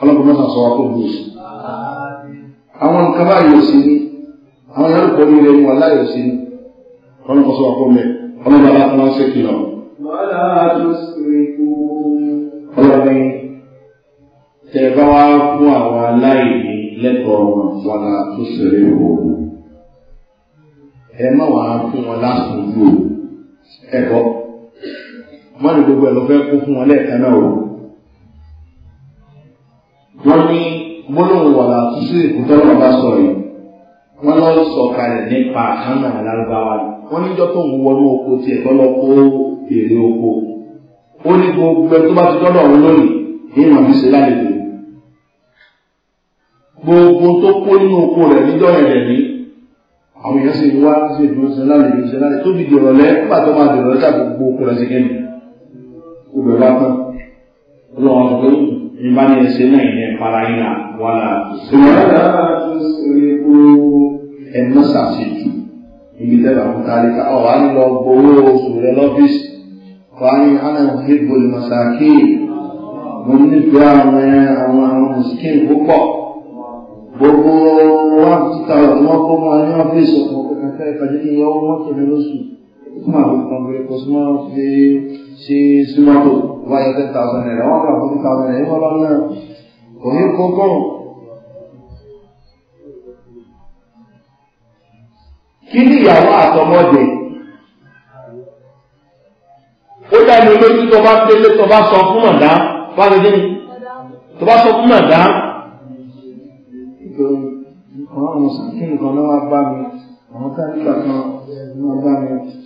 ọlọ́pàá mọ́sà sọ wá kó gbé oṣù àwọn nǹkan báyìí ò sí ní àwọn yàrá kọ́ ní ilé mu aláyọ̀ sí ní ọlọ́pàá sọ wá kó mẹ́ ọlọ́pàá bá fún wọn ṣe kìlọ̀. ọlọ́pàá tẹ bá wá fún àwọn aláìní lẹ́kọ̀ọ́ wọn wọn la tó ṣeré wò ẹ má wàá fún wọn lásìkò ẹ̀kọ́ mọ́ni gbogbo ẹ̀ ló fẹ́ kó fún wọn lẹ́ẹ̀kan náà o wọ́n ní gbólóhùn wàrà àtúnṣe ìkútọ́lọ́ ọba sọ̀rọ̀ yìí wọ́n lọ sọ̀kalẹ̀ nípa àkànnà alárúbáwá wọ́n níjọ́ tó ń wọnú oko tiẹ̀ tọ́lọ́ kó èrè oko ó ní gbogbo ẹ tó bá ti tọ́lọ̀ ọ̀hún lónìí ní ìmọ̀bí ṣe lálejò gbogbo tó kó nínú oko rẹ̀ níjọ́ yẹn rẹ̀ ní àwọn èèyàn sì wá sí ìdúró ṣe lálejò ṣe lálejò tó fi dèrò lẹ́ nígbà tó máa dèrò lẹ́ta ní bá ní ẹsẹ̀ náà yẹn para yín à wà á. Sọlá tó ṣeré kó ẹ mọ́ ṣàṣejù ibi tẹ́lẹ̀ àwọn tààrí ká ọ̀ wá ní lọ gbowó oṣù rẹ lọ́fíìsì wá ní hánà ìbò ìmọ̀sáké mo nífẹ̀ẹ́ àwọn àwọn àwọn mùsùlùmí gbogbo one two wọn kó wọn ní ọ́fíìsì ọ̀pọ̀ kẹkẹ fàjẹ́ kí yọ owó mọ́kẹ́lẹ́ kuma ló kàn pé kò súnmọ́ fi ṣe símọ́tò wáyé ten thousand naira wọ́n kà forty thousand naira ìwọ́n lọ́nà kò ní kókó. kí ni ìyàwó àtọmọdé ó dánu lójú tó bá délé tó bá sọ fún màdá bá lè dé tó bá sọ fún màdá. àwọn mùsùlùmí náà wá bá mi àwọn káríkà kan náà bá mi.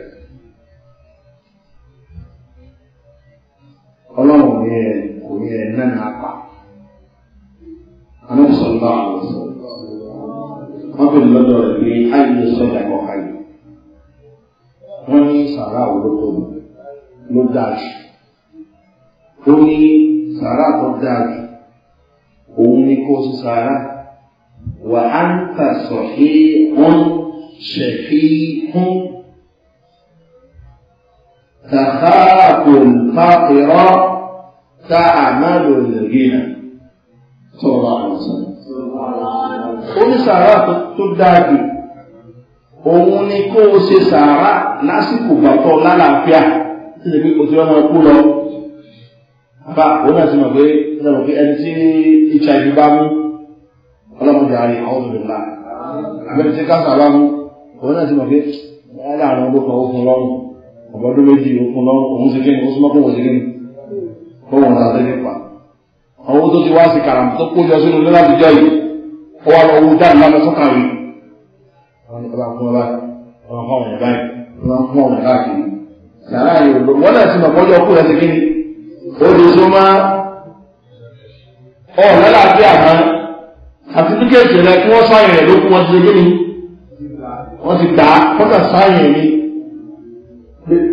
وهي المنع النبي صلى الله عليه وسلم wọ́n fi lọ́dọ̀ rẹ̀ pé ayé sọ́dà kọ̀ ayé wọ́n ní sàrà òlótò ló dáa jù ó ní sàrà tó dáa jù òun ní kó sí sàrà wà á ń tà sọ̀hí hàn ṣẹ̀fí hàn tàkàkùn fàkìrọ̀. tá a máa lò lórí rẹ̀ sọ̀rọ̀ àwọn sọ̀rọ̀. Oníṣàrà tó dáa òun ni kó o ṣe sàárà lásìkò gbàtọ̀ lálàáfíà tí lè fi oṣù ọmọ kú lọ. Bàbá òun náà ti mọ̀ pé ẹni pé ẹni tí HIV bá mú ọlọ́mọdé àárẹ̀ àwọn obìnrin náà. Àbẹ̀rẹ̀ tí káńsà bá mú òun náà ti mọ̀ pé láàárín ọdún kan ó fún lọ́rùn ọ̀bọ̀dún méjì ó fún lọ́rùn òun ṣe kí ni ó súnmọ́ fún òun ṣe kí ni bọ́wọ́n ta sí nípa àwọn owó tó ti wá sí kàràmù tó kó jọ sínú ilé láti jọ yìí ó wà lọ owó dáàbò lábẹ́ sọ́kà rí àwọn ìjọba fún ọba ọba fún ọmọ báyìí ọba fún ọmọ káàkiri sàrà yìí ló wọ́n náà ti mọ̀ kọ́jọ́ kú ẹ̀ sẹ́kìnì ó lè so máa ọ̀ lálàáfíà kan sàtífíkẹ́tì rẹ kí wọ́n sáyẹn rẹ ló kú wọ́n ti sẹ́kìnì wọ́n ti gbà á kọ́tà sáyẹn mi.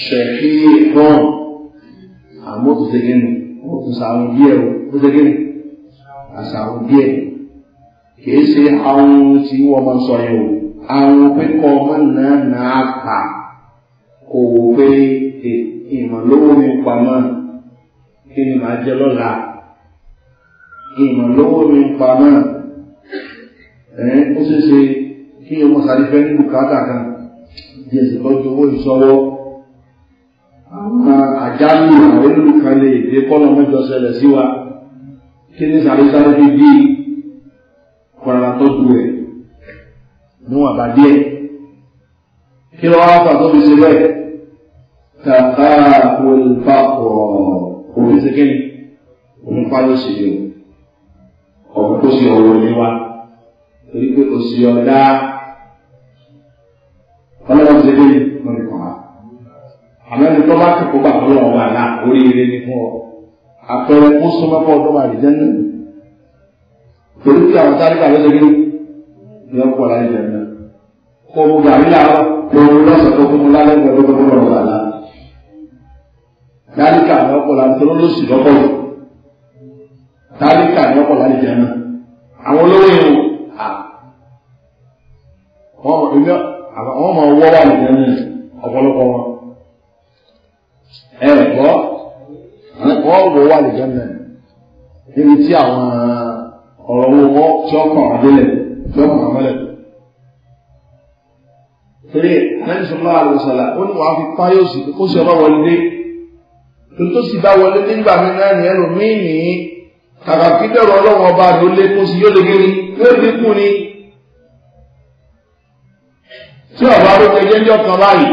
ṣẹ̀kí rán àmọ́ tó ṣe gẹ́nu ó tún sàrùn díẹ̀ ó ṣe gẹ́nu àṣàrùn díẹ̀ kìí ṣe àwọn tí wọ́n máa sọ yẹn o àwọn pẹ́kọ̀ ọmọ náà náà kà kò wò pé ìmọ̀lówó mi pamọ́ kí ni màá jẹ lọ́la ìmọ̀lówó mi pamọ́ ẹ̀ ó ṣe ṣe kí ọmọ sàrífẹ́ ní bùkátà àjálù àwọn ìlú kan lè dé kọ́nà mẹ́jọ ṣẹlẹ̀ sí wa kí ní sàrẹ́sàrẹ́ fi bí kọ́ra tọ́jú rẹ̀ níwọ̀n bá díẹ̀ kí ló wá fà tó fi ṣe bẹ́ẹ̀ kàkà olùfà ọ̀rọ̀ òfin ṣe kí ni òun pa ló ṣe ọ̀rọ̀ tó ṣe ọ̀rọ̀ ní wa torí pé kò sí ọ̀dá. àmọ́ ẹni tó bá ti kó bàbá náà wà lá oríire ni fún ọ àpẹẹrẹ kó súnmọ́ fún ọdún wa àdìjẹ́ náà torí pé àwọn sáré kàwé lórí ni wọ́n pọ̀ láyé jẹun náà kó o gàrí làárọ̀ kó o lọ́sọ̀ tó fún un lálẹ́ ní ọdún tó lọ́wọ́ àlá dáríkà ni ọkọ̀ láti tó lọ́sì lọ́kọ̀ yìí dáríkà ni ọkọ̀ láyé jẹun náà àwọn olówó yẹn wọ́n mọ̀ wọ́n wà lẹ́yìn ọ̀pọ̀lọpọ̀ wọn ẹ̀kọ́ ẹ̀kọ́ ọ̀rọ̀ wà lẹ́jọ́ náà níbi tí àwọn ọ̀rọ̀ owó tí ó kàn délẹ̀ tí ó kàn mọ́lẹ̀. Torí Nàìjíríà sọ̀rọ̀ àlùsàlà ó ní wàá fi páyọ̀ sí kó sì ọba wọlé dé. Tó sì bá wọlé nígbà mi náà ni ẹlòmíì ní kàkà kí bẹ̀rù ọlọ́wọ́ ọba àdó lékún sí yóò lè gé ni yóò lè kú ni. Tí ọba ló jẹjẹrẹ ọkàn báyìí,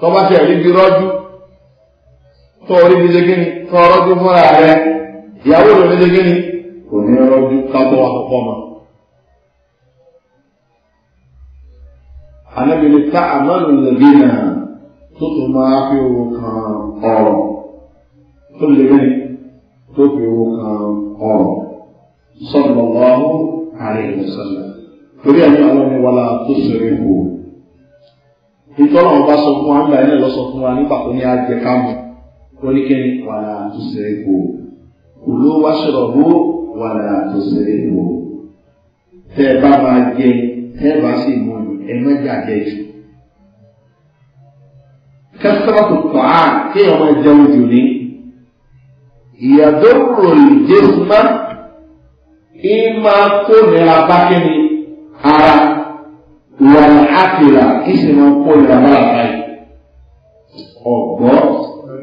tọ́ba tẹ̀ bí rọ́jú tó orí mi ṣe kí ni tó ọrọ́jú fúnra rẹ ìyàwó rẹ mi ṣe kí ni kò ní ọrọ́jú kátó wà púpọ̀ mọ́. anábìrin tá àmọ́nù lòdì náà tó tún máa fi owó kan ọ̀rọ̀ tó lè rí tó fi owó kan ọ̀rọ̀ sọ̀rọ̀ lọ́wọ́ àrẹ̀yìn sọ̀rọ̀ torí ẹ̀mí ọlọ́run wọlá tó ṣeré kù. ìtọ́nà ọba sọ fún wa nígbà yẹn lọ sọ fún wa nígbà tó ní ajẹ ká mọ̀ oníkẹ́ni wàlà àtúnṣe kò kùló wáṣọ̀rọ̀ bó wàlà àtúnṣe kò tẹ́ bá máa jẹ tẹ́ bá sì mú ẹ mẹ́jà jẹ jù. kẹ́sìtọ́ọ̀tù tọ́á kí ọmọ jẹun jù ní ìyàdọ́rọ̀ ìjẹ́sùmá ìmá kó nira bá kíni ara wàlà àkìlà kí sì máa kó nira bá àbáyé ọ̀gbọ́n.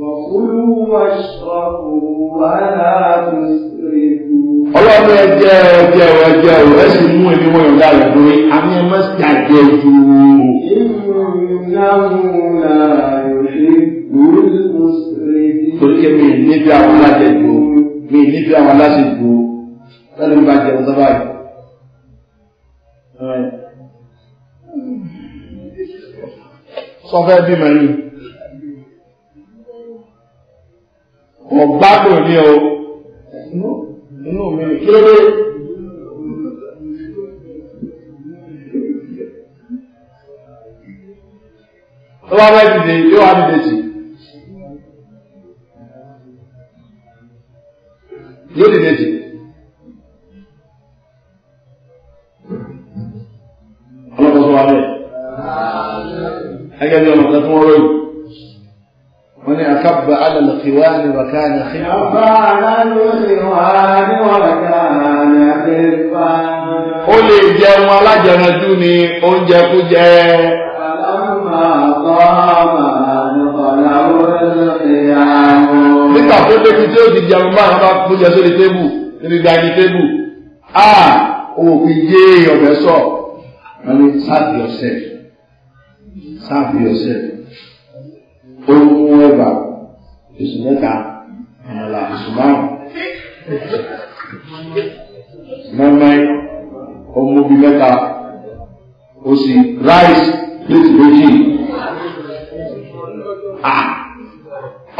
وكلوا واشربوا ولا تسرفوا ọlọ́run ẹ jẹ́ ẹ jẹ́ ẹ jẹ́ ọ ẹ sì mú èmi wọ̀nyọ̀ dára lórí àmì ẹ má sì àjẹ jù. torí kí mi níbi àwọn aláṣẹ jù mi níbi àwọn aláṣẹ jù lẹ́nu bá jẹun tó báyìí. sọ fẹ́ bí màá ọ̀gbádùn ni o inú mi kí ló dé. tó bá fẹ́ dìde yóò wá dìde jì. yóò dìde jì. ọlọ́pàá sọ wa bẹ́ẹ̀. ẹgẹ́ bí ọmọ kan fún ọ̀rọ̀ yìí wọ́n ní akaba alàlùkìwá ni wàká ní àkíkà. akaba alàlùkìwá ni wàká ní àkíkà. ó lè jẹun alájẹranjú ni oúnjẹ kú nígbà tó débi tí ó ti jẹun báyìí wọ́n bá kú jẹ sórí tébù níbi dání tébù. a owó fi ọbẹ̀ sọ. wọ́n ní serve yourself serve yourself. ó mú ẹ̀bà oṣù mẹ́ta àmàlà oṣù márùn-ún mẹ́mẹ́ ọmọbi mẹ́ta ó sì ráìsì létí méjì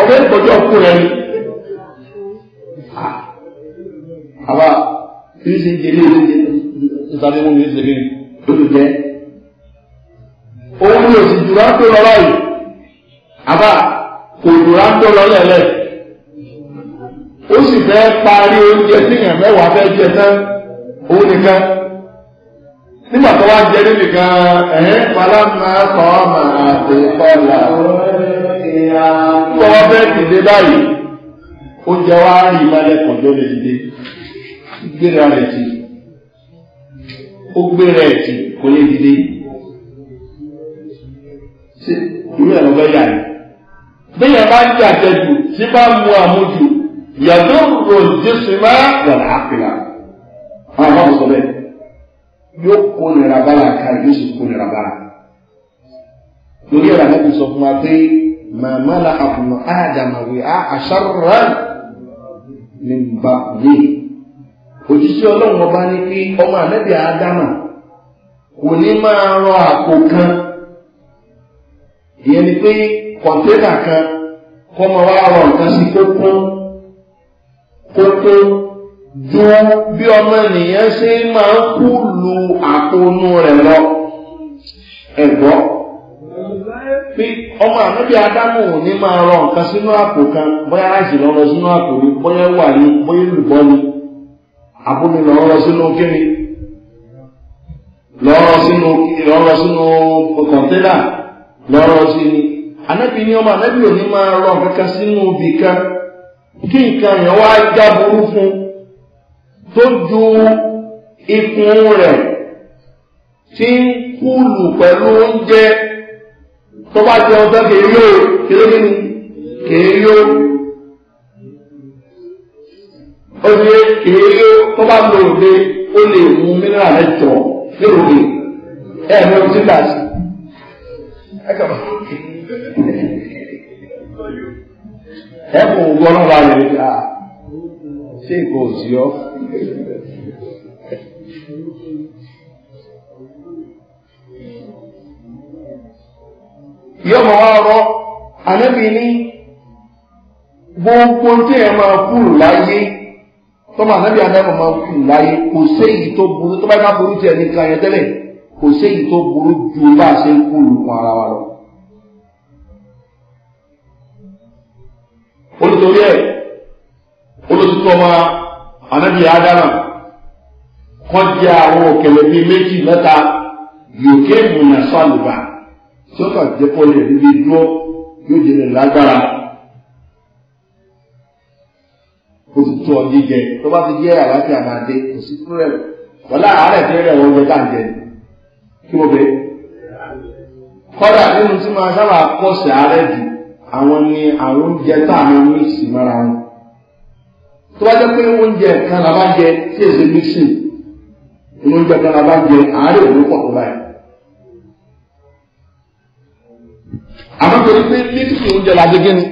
ọbẹ̀ ọ ọkọ rẹ̀ ni àbá kí ṣe ń jẹ ní ìdíje ìsàlẹ̀ wọn ní ìṣẹ̀lẹ̀ ó ti jẹ́ òun ni àbá òdùrà ń tó lọ́lẹ̀lẹ̀ ó sì fẹ́ parí oúnjẹ tíyàn mẹ́wàá fẹ́ jẹ tán òun nìkan nígbà tó wá jẹ níbi kan ẹ̀hìn palamá kọ́ tó kọ́là fẹ́ dìde báyìí wa lè dìde gbéra rẹ̀ ó gbéra kò bẹ́ẹ̀ bá ń jàjẹjù tí bá ń mu àmujù yàtọ̀ rò jésù má wàlá àpìlà. àwọn ọmọ sọ bẹ́ẹ̀ yóò kó nira bára ká yóò sì kó nira bára. lórí ẹ̀rọ àgbẹ̀bí sọ fún wa pé màmá la àbùnà àdàmàwé á àṣàrà ní bá yé. òjíṣẹ́ ọlọ́run ọba ní pé ọmọ ànábì àdámà kò ní máa rọ àpò kan ìyẹn ni pé kọ̀ǹténà kan kó mọ wá rọ nǹkan sí kó kún kó tó dúró bí ọmọ ènìyàn ṣe máa ń kú lu àkóónú rẹ̀ lọ ẹ̀gbọ́ pé ọmọ ànábì ádámù ní máa rọ nǹkan sínú àpò kan bóyá láìsí lọ́rọ̀ sínú àpò ní bóyá wà ní bóyá lùbọ́ ni àbúmi lọ́rọ̀ sínú kíni lọ́rọ̀ sínú lọ́rọ̀ sínú kọ̀ǹténà lọ́rọ̀ sí ni. anabi ní ọmọ anabi ò ní máa rọ kankan sínú obì kan kí nǹkan yẹn wá já burú fún tó ju ikùn rẹ̀ tí ń kúlù pẹ̀lú oúnjẹ tó bá jẹ ọjọ́ kèéyó kèéyó oye tó bá lò dé ẹkùn gbọ́dọ̀ bá rẹ̀ ká ah, ṣé kò sí ọ. yọmọ wa rọ ànábì ní gbogbo tí ẹ máa kúrò láyé tọ́mọ ànábì ànábì máa kúrò láyé kò séyìí tó burú tó bá yẹ ká burú tiẹ̀ nìkan yẹn tẹ́lẹ̀ kò séyìí tó burú ju bá a ṣe ń kúrò fún ara wa lọ. olùtorí ẹ̀ olùtútù ọmọ anabi adama wọ́n di àwọn òkèlè bíi méjì tí ó kà jẹ́ pọ́lẹ̀ yóò jẹ́ lágbára olùtútù ọ jíjẹ tó ti jẹ́ àlàáfíà máa dé kò sí kúrẹ́ wọ́n láàárẹ̀ fẹ́rẹ̀ wọ́n kí nínú tí sábà àwọn ni àwọn oúnjẹ tá a máa mix mọ́ra wọn tó bá jẹ́ pé oúnjẹ kan la bá jẹ tí èsì mixing oúnjẹ kan la bá jẹ àárẹ̀ òun pọ̀ tó báyìí. pé oúnjẹ la jẹ́ gíní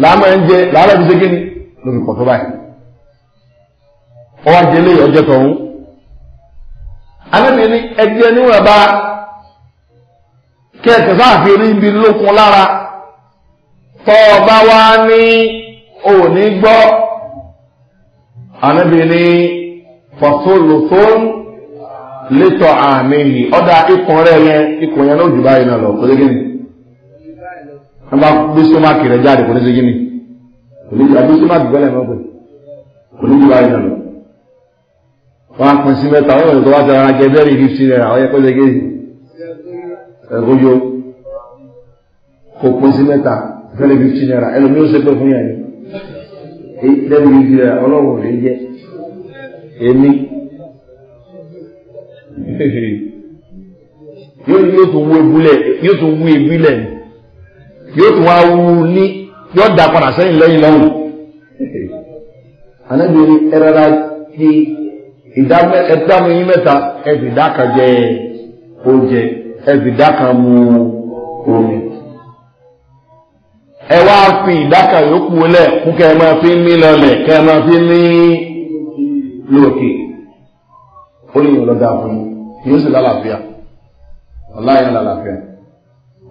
làá máa làárẹ̀ lórí pọ̀ tó báyìí ọwọ́ ọjọ́ tọ̀hún. ni ẹgbẹ́ tọ́ ọba wá ní òní gbọ́ ànábì ní létọ̀ àmì yìí ọ̀dà ikùn rẹ̀ yẹn ikùn yẹn ló báyìí náà lọ kó lé gíní nígbà bí sọ́màkì rẹ̀ jáde kó lé sí gíní kò ní jù àbí sọ́màkì gbẹ́lẹ̀ mọ́ pé kò ní jù báyìí náà lọ. wọ́n á pín sí mẹ́ta wọ́n yóò tó wá sí lórí fifty naira ẹlòmí ó ṣẹgbẹ́ fún yàrá lẹ́nu fifty naira ọlọ́run ò lè jẹ́ èmi yóò tún wú ebúlẹ̀ yóò tún wú ebúlẹ̀ yóò tún wá wú ní yóò dà padà sẹ́yìn lẹ́yìn lọ́wọ́ anábìrin ẹ̀rọra ti ìdámú yín mẹ́ta ẹ̀fìdá kan jẹ oúnjẹ ẹ̀fìdá kan mu omi ẹ wá fi ìdáka yòókù lẹ̀ kú kẹ́ ẹ máa fi ní lọlẹ̀ kẹ́ ẹ máa fi ní lókè ó lè yàn lọ́dà fún yín yóò sì lálàáfíà ọláyà lálàáfíà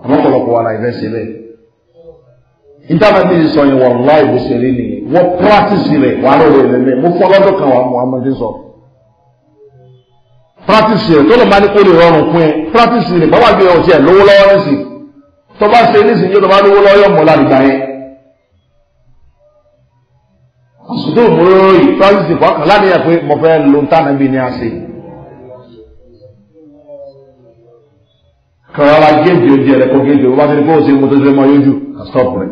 àmọ́ ọ̀pọ̀lọpọ̀ wa la ìfẹ́ ṣe bẹ́ẹ̀ ìtàbàtì sọ yẹn wọ́n láì bó ṣe rí nìyẹn wọ́n pírátìsì rẹ̀ wà lóore lẹ́lẹ́ mo fọ́ lọ́dọ̀ kan wà muhammed sọ pírátìsì rẹ̀ tó lọ́ máa ní kó lè rọrùn fún ẹ pírátìsì rẹ̀ báwa gbé ọ̀ṣẹ́ lówó lọ́wọ́ rẹ̀ sí i tó bá ṣe nísìnyí tó bá lówó lọ́yọ̀ mọ́ ládìgbà yẹn àsùtò òmùrọ̀rọ̀ yìí francis fọkàn lánìyàn pé mo fẹ́ lo ntànà bíi ní àṣẹ kọ̀ọ̀rọ̀ géèjì ojú ẹ̀rẹ̀ kó géèjì o bá ti ní kó o ṣe mo tó ṣe mọ yójú stop rẹ̀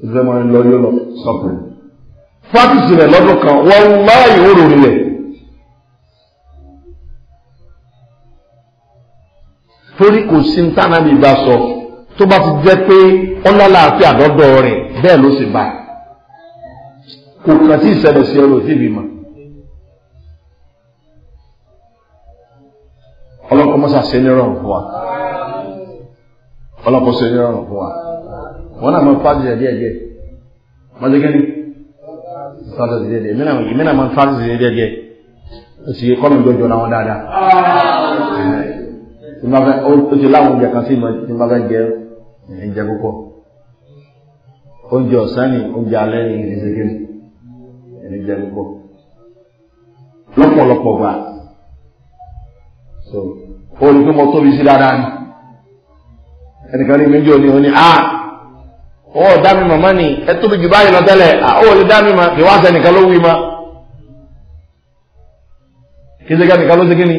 tó ṣe mọ lọ yóò lọ stop rẹ̀ francis rẹ̀ lọ́dún kan wọ́n láàyè ó rò rẹ̀. torí kò sí ntànà bíi bá sọ tó bá ti jẹ́ pé ọlọ́láàfíà lọ́dọ̀ rẹ̀ bẹ́ẹ̀ ló sì bá kò kàn sí ìṣẹ̀lẹ̀ sí ọ̀rọ̀ sí ìbímọ. ọlọ́pàá mọ́sá ṣe ní rọrùn fún wa ọlọ́pàá ṣe ní rọrùn fún wa wọn náà máa fáàdì díẹ̀ díẹ̀ máa jẹ́ kẹ́ni fáàdì díẹ̀ díẹ̀ èmi náà máa fáàdì díẹ̀ díẹ̀ ó sì kọ́ mi gbọ́jọ́ náà wọn dáadáa tí n bá fẹ́ ó ti láwọn oúnjẹ kan sí ìmọ̀ tí n bá fẹ́ jẹ́ ìrìn jẹ púpọ̀ oúnjẹ ọ̀sán ni oúnjẹ alẹ́ ni ìrìn ṣe kéde ìrìn púpọ̀ lọ́pọ̀lọpọ̀ gbà so ó ní pé mo tóbi sí dáadáa ni ẹnìkan ní méjì òní òní ah ó dá mi màmá ni ẹ tóbi jù báyìí lọ tẹ́lẹ̀ ah ó lè dá mi mà kí wá sẹ́nìkan ló wí ma kí sẹ́nìkan ló ṣe kí ni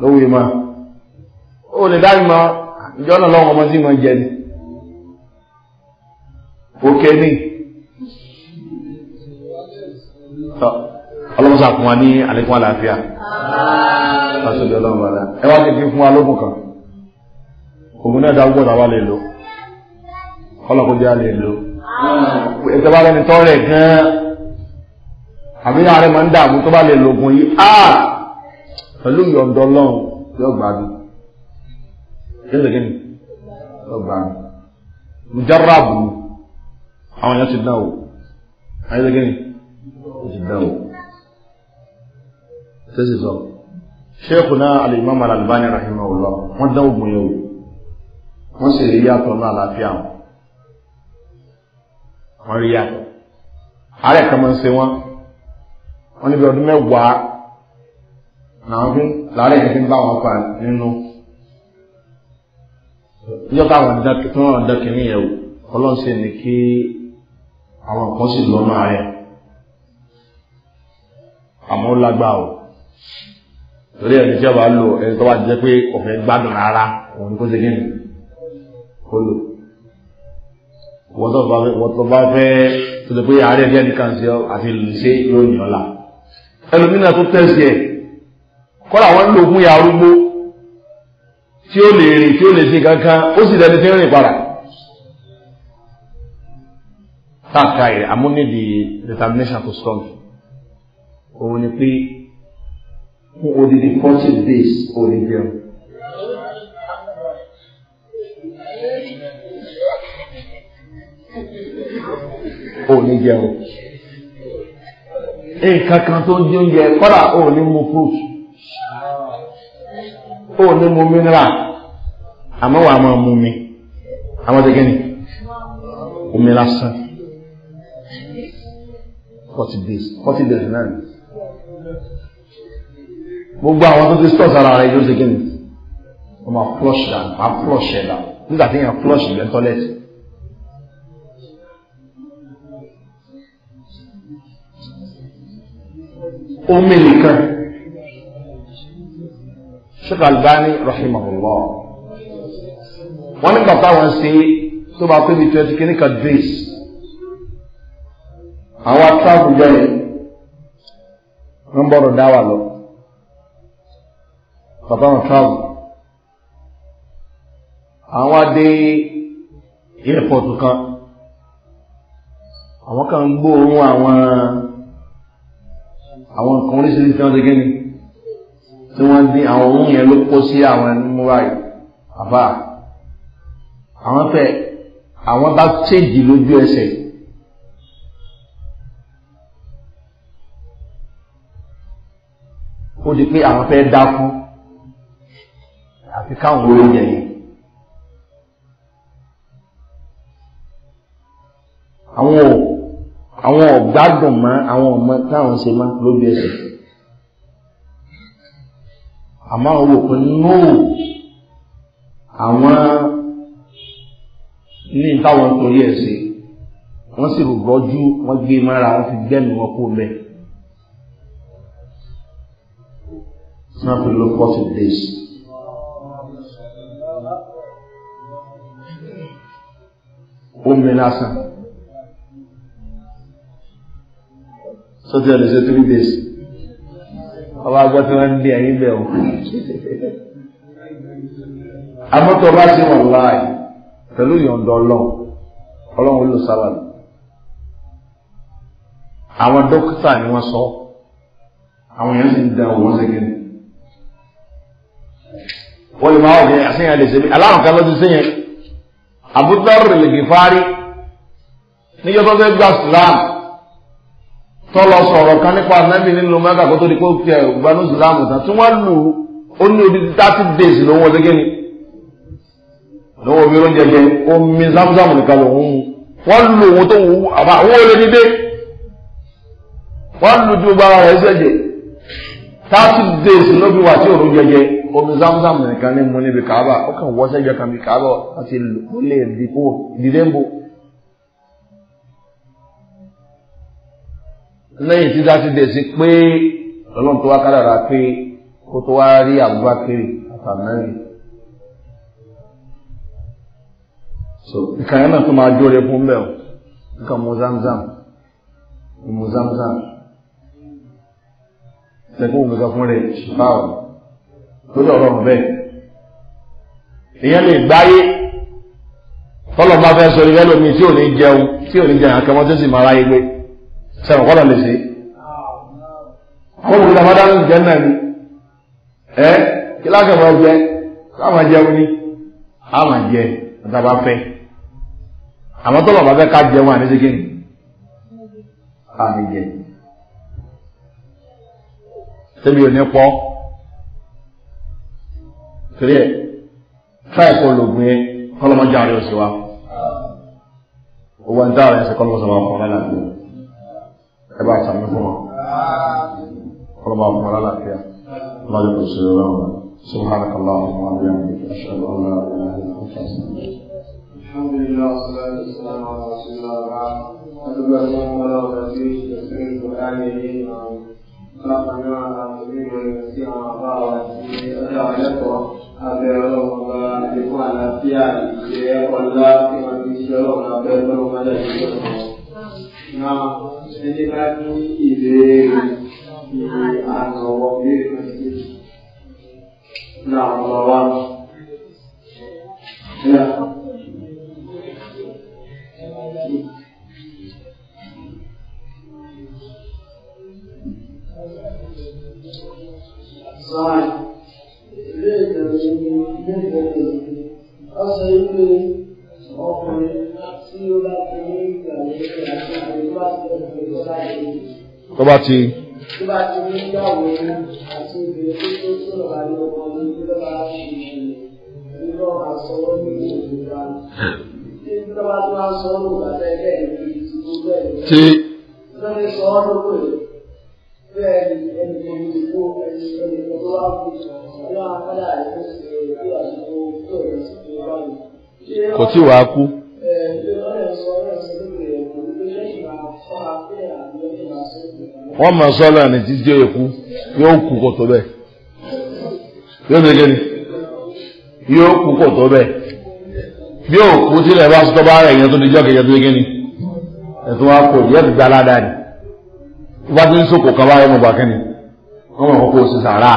ló wí ma ó lè dá mi mà ìjọ náà lọ́wọ́ ọmọ sí mọ̀ jẹ ni òkè ni ọlọ́mọsá fún wa ní àlékún àlàáfíà lásìkò ọlọ́mọ àlá ẹ wá kékeré fún wa lókun kan ògùn náà dá gbọ́dọ̀ wa lè lò ọlọ́kọjá lè lò ẹ̀sẹ̀ bá lẹ́ni tọ́rẹ̀ gan-an àbí ààrẹ máa ń dààmú tó bá lè lògùn yìí ah! pẹ̀lú ìyọ̀ǹdọ́ lọ́hùn yóò gbádùn yóò dẹ̀gẹ́ ni ọgbà mujarrabu àwọn èèyàn ti dán o ayé dẹ̀gẹ́ ni ó ti dán o tẹ́sí sọ ṣéèkù náà al-imam al-albani rahimahullah wọ́n dán ogun yẹn o wọ́n sì rí yàtọ̀ náà láàfíà wọn wọ́n rí yàtọ̀ àárẹ̀ kan máa ń ṣe wọ́n wọ́n níbi ọdún mẹ́wàá làwọn fi làárẹ̀ yẹn fi ń bá wọn pa níjọ́ táwọn dákítọ́n dákínní yẹ̀wò ọlọ́run sì ní kí àwọn kan sì lọ máa àmọ́ ó lágbàá o torí ẹni tí a bá lò ẹni tó bá jẹ́ pé ọ̀fẹ́ gbádùn rárá òun ni kó ṣe kíni kó lò wọ́n tó bá fẹ́ tó ṣe pé àárẹ̀ díẹ̀ nìkan ṣe àti lùṣe yóò yàn ọ́ la ẹlòmínà tó tẹ̀sí ẹ̀ kọ́ra wọn lò fún ya arúgbó tí ó lè rìn tí ó lè ṣe kankan ó sì dẹni tí ń rìn padà. táàkà ẹ̀ amúnídì determination to strong òun ni pé fún odidi forty days òní jẹun. òní jẹun nǹkan kan tó ń di oúnjẹ kọ́dà òní mú fruit ó ní mu mineral àmọ́ wàá máa mu mi àwọn tẹ̀gẹ́ ni omi lásán forty days forty days náà ni gbogbo àwọn tó ti stọ̀ sára rẹ̀ yóò ṣe kí ni wọ́n máa flush down máa flush ẹ̀ down nígbà tí èèyàn flush ìgbẹ́ tọ́lẹ̀tì. omi nìkan sheikh albani rahimahullah wọn nígbà táwọn ṣe tó bá pé ní twenty kìíní kan days àwọn atravel jẹ́ wọn bọ̀rọ̀ dá wà lọ bàbá wọn travel àwọn adé airport kan àwọn kan gbóòórùn àwọn àwọn nǹkan oríṣiríṣi tí wọn ti gé ni tí wọ́n dín àwọn ohun yẹn ló kó sí àwọn ẹni mú báyìí àbá àwọn fẹ́ àwọn bá ṣèjì lójú ẹsẹ̀. ó di pé àwọn fẹ́ dákú àfi káwọn oúnjẹ yìí. àwọn ò àwọn ò gbádùn mọ́ àwọn ọmọ táwọn ṣe mọ́ lójú ẹsẹ̀ àmọ́ àwọn wò pé no àwọn ní táwọn torí ẹ̀ ṣe wọ́n sì rò gbọ́jú wọ́n gbé e mọ́ra wọ́n fi gbẹ́mìí wọn kó bẹ́ẹ̀. Snap will look what it is. Omi lásán. Sọ́jà lè ṣe three days ọba gbọ́ tí wọ́n ń lé ẹyin bẹ́ẹ̀ o. amọ́tò ọba ṣe wọ̀n láàyè pẹ̀lú ìyọ̀ǹda ọlọ́run ọlọ́run ló sábà lọ. àwọn dókítà ni wọ́n sọ àwọn èèyàn sì ń da òun ṣẹ́gẹ́ ni. wọ́n lè máa wọ̀ kí àṣeyàn lè ṣe bí aláwọ̀ kan lọ́dún sẹ́yìn Abu Dharr al-Ghifari níjọ́ tó fẹ́ gba Islam. tọlọ sọ̀rọ̀ kan nípa anábì nínú mẹ́ta kó tó di pé ó kẹ ìgbàanú ìsìláàmù tán tí wọ́n lù ó ní odidi thirty days lówó ọdẹ gẹ́ni lówó omi omi zamzamu nìkan lòún mu wọ́n lù òun tó wù ú omi nìkan ní mu níbi ó kàn bí àti lè di kó ń bò. lẹ́yìn tí dá sí dé sí pé ọlọ́run tó wá kádàrá pé kó tó wá rí Abubakar àtàmẹ́rì so ìkànnì náà tó máa jóore fún bẹ́ẹ̀ o nǹkan mu zamzam mu zamzam sẹ́kùn gbẹ̀gbẹ̀ fún rẹ̀ báwọn tó dọ̀rọ̀ bẹ́ẹ̀ ìyẹn lè gbáyé tọ́lọ̀ bá fẹ́ sọ ìrẹ́lòmí tí ò ní jẹun tí ò ní jẹun àkàmọ́ tó sì máa ráyé gbé sẹ́wọ̀n kọ́lọ̀ lè ṣe àwọn òkúta bá dánú jẹ́ náà ni ẹ́ kí lákẹ̀mọ́ jẹ́ káwọn jẹun ní àwọn jẹ níta bá fẹ́ àmọ́ tó lọ́ọ̀ bá fẹ́ ká jẹun àní ṣe kíni àní jẹ tẹ́bi ò ní pọ́ torí ẹ̀ tíráì kó lògùn yẹn kọ́lọ́mọ́jà rẹ̀ ò sí wa owó ń dá ọ̀rẹ́ ṣe kọ́lọ́mọ́sọ̀ wa kọ́ lálàáfíà ẹ bá sàmì fún wọn ọlọ́ba fún wọn lálàáfíà ọlọ́jọ́ kò sí ọlọ́run wọn سبحانك اللهم وبحمدك اشهد ان لا اله الا انت استغفرك الحمد لله والصلاه والسلام على رسول الله وبعد ادعو الله ولا ارجو تسليم القران اليه اللهم صل على النبي والنسيم وعطاء ونسيم ادعو يسوع abẹ́rẹ́ ọlọ́mọba àdékún àlàáfíà ìjẹ́ ọlá tí wọ́n ti ṣe ọlọ́mọba abẹ́rẹ́ ọlọ́mọba àdékún ọlọ́mọba. Não, ele vai vir e ver. Ah, não, vou ver, mas. Não, não, não. Não. Sai. Veja, veja, veja. Aceite, sofre. tó bá ti. tó bá ti ní ìyàwó àti obìnrin tó tó sọ̀rọ̀ àlẹ́ ọmọ ní ìlú bá ṣe ìlú ọ̀rọ̀ àṣọ ní ìlú bá. tí tó kò tí wàá kú wọ́n mọ̀ sọ́lá ní títí ó yẹku yóò kú kò tó bẹ́ẹ̀ yóò ṣe kí ni yóò kú kò tó bẹ́ẹ̀ bí ó kú sílẹ̀ bá sọ́tọ́ bá rẹ̀ yẹn tó dijọ́ kẹjọ tó yẹ kí ni ẹ̀tún wa kò yẹ ti gba aládàá ni tó bá ti ń sòkò kan bá rẹ̀ mọ̀ bá kí ni wọ́n mọ̀ kókó sí sàrà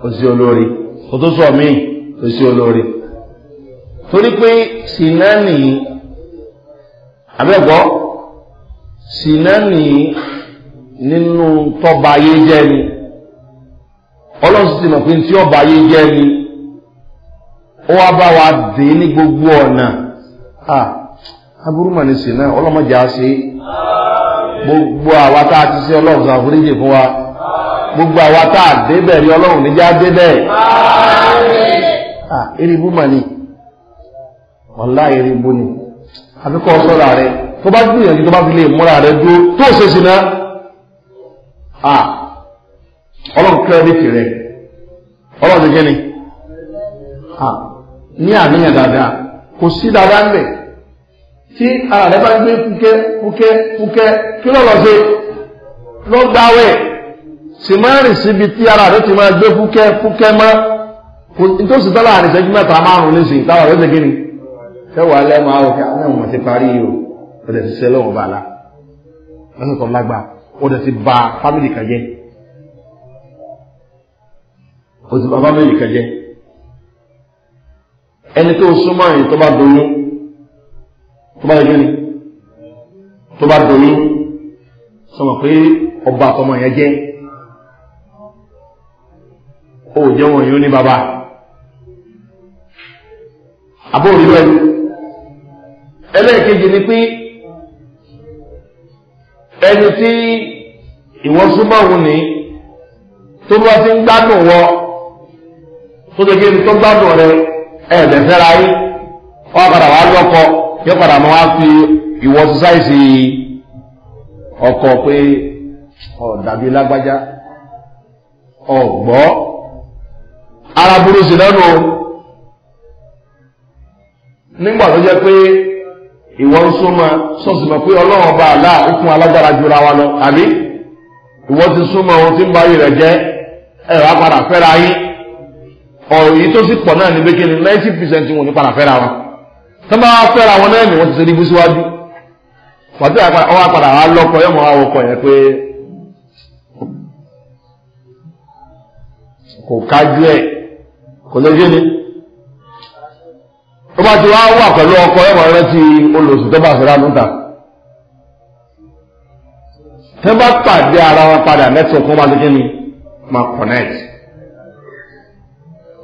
kò olórí kò tó sọ míì kò olórí torí pé sinani àbẹ́gbọ́ sinani nínú tọ́ba ayé jẹ́ ni ọlọ́run sì mọ̀ pé tí ọba ayé jẹ́ ni ó wá bá wa dé ní gbogbo ọ̀nà aburú mà ní sinna ọlọ́mọdé á ṣe gbogbo àwa tá a ti ṣe ọlọ́run sàn fúnjì fún wa gbogbo àwa tá a débẹ̀ ni ọlọ́run níjà débẹ̀ eribu mà ní ọ̀la eribu ni àbí kọ́ sọ́ra rẹ̀ tó bá gbìyànjú tó bá fi lè múra rẹ̀ dúró tó ṣe sí náà à ọlọ́run kírẹ́dìtì rẹ̀ ọlọ́run ti ni à ní àníyàn dáadáa kò sí dáadáa ńlẹ̀ tí ara rẹ̀ bá gbé fúkẹ́ fúkẹ́ fúkẹ́ kí lọ́lọ́ ṣe lọ́ gbáwẹ̀ sì máa rìn síbi tí ara rẹ̀ ti máa gbé fúkẹ́ fúkẹ́ mọ́ nítòsí tọ́lá àrìṣẹ́jú mẹ́ta márùn-ún nísìnyí táwọn rẹ̀ ṣe ni tẹ́wàá lẹ́mọ̀ àwọn òkè àwọn ọmọ ti parí o ó dẹ̀ ti ṣe lọ́wọ́ bàálà lọ́sẹ̀ tó lágbà ó dẹ̀ ti ba fámìlì kan jẹ́ ó ti ba fámìlì kan jẹ́ ẹni tó súnmọ́ yìí tó bá doyún tó bá doyún ni tó bá doyún sọmọ pé ọba àtọmọ yẹn jẹ́ ó jẹ́ wọn yìí ó ní bàbá àbórí lẹ́nu. ẹlẹ́ẹ̀kejì ni pé ẹni tí ìwọ súnmọ́ òun ní tó bá ti ń gbádùn wọ tó ti gbé tó gbádùn rẹ ẹ̀ẹ́dẹ̀ fẹ́ra yí wọ́n padà wá lọ́kọ yóò padà mọ́ wá fi ìwọ sọ́sáìsì ọkọ̀ pé lágbájá ara burú sí lẹ́nu ìwọ ń súnmọ́ sọ́ọ̀sì mọ̀ pé ọlọ́run ọba àlá ó fún alágbára jura wa lọ àbí ìwọ ti súnmọ́ ohun tí ń bá rẹ̀ jẹ́ ẹ̀rọ apàdà fẹ́ra yín ọ̀rọ̀ yìí tó sì pọ̀ náà ní bẹ́kẹ́ni ninety percent wọn padà fẹ́ra tó fẹ́ra wọn náà ni wọ́n ti ṣe níbú síwájú pàtó ọwọ́ mọ̀ yẹn pé kò kájú ẹ̀ kò lè tó bá ti wá wà pẹ̀lú ọkọ ẹ̀wọ̀n rántí olùsùn tó bá fẹ́ra núta tẹ́ bá pàdé ara wọn padà network wọn máa ti kíni máa connect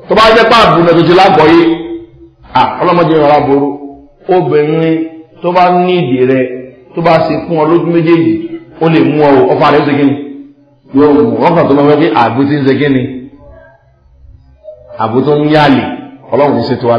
tó bá jẹ́ páàbù náà tó ti lágbọ̀ọ́yé ọlọ́mọdé rárá burú obìnrin tó bá ní ìdí rẹ tó bá ṣe fún ọ lójú méjèèjì ó lè mú ọ ọfà rẹ ó ṣe kíni yóò mú ọkàn tó máa wẹ́ pé àgbo ń ṣe kíni àgbo ń yáàlì ọlọ́run ṣètò wa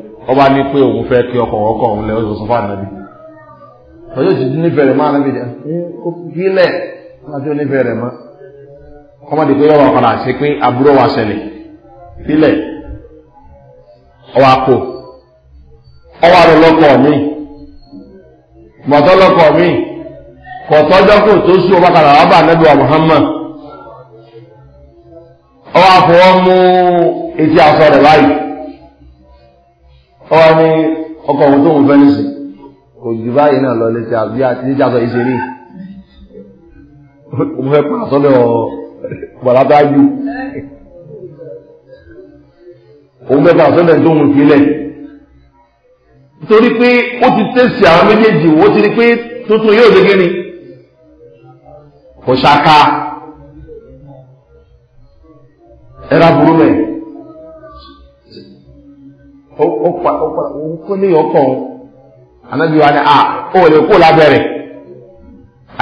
ọba ní pé òun fẹ́ kí ọkọ̀ ọkọ̀ òun lẹ́ oṣù sọ́fà nàbí ọjọ́ ìṣẹ́jú nífẹ̀ẹ́ rẹ̀ máa nàbí jẹ́ ọmọdé pé ọwọ́ ọ̀kan àṣẹ pé àbúrò wa ṣẹlẹ̀ fílẹ̀ ọwọ́ àpò ọwọ́ àrò mi mọ̀tọ́ mi kọ̀tọ́jọ́ kò tó sùn ọba nẹ́bí wa muhammad mú etí ọwọ́ ní ọkọ̀ òun tó ń fẹ́ nísìn kò jù báyìí náà lọ létí àbí àti níjà sọ èsì rí mo fẹ́ pa àsọ́dọ̀ bàlátájú òun fẹ́ pa àsọ́dọ̀ tó ń filẹ̀ torí pé ó ti tẹ̀sí àwọn méjèèjì ó ti rí pé tuntun yóò dé kíni kò ṣaka ẹ̀rọ aburú mẹ́rin ó pa ó pa òun kó ní ọkàn òun ànábi wa ni a ó lè kó lábẹ́rẹ̀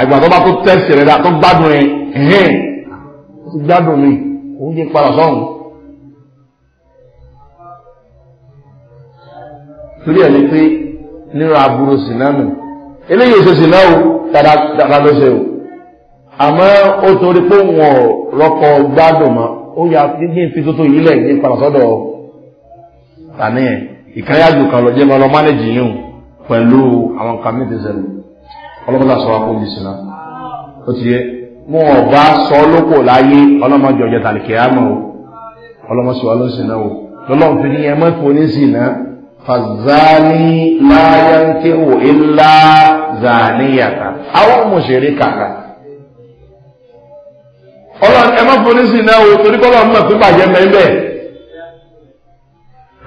àgbà tó bá tó tẹ̀sí rẹ̀ dá tó gbádùn ẹ̀ ẹ̀hìn ó ti gbádùn mi òun jẹ́ padà sọ́hùn. torí ẹ̀ ni pé nínú aburú sinami eléyìí èso sinamu dada ló ṣe o àmọ́ ó torí pé wọn ò rọ́kọ̀ gbádùn mọ́ ó yà ní fi tuntun yìí lẹ̀ ní padà sọ́dọ̀ ọ́. tani yẹn ìkànnìyàjò kan lọ jẹ́ máa lọ mánéjì yìí àwọn nǹkan mi ti sẹ́nu ọlọ́mọdé àṣọ wa kó mi ti yẹ sọ lóko láyé o ọlọ́mọdé wa ló sì náà o lọ́lọ́run fi ní ní ilá àwọn mùsùlùmí kàkà ẹ ní o torí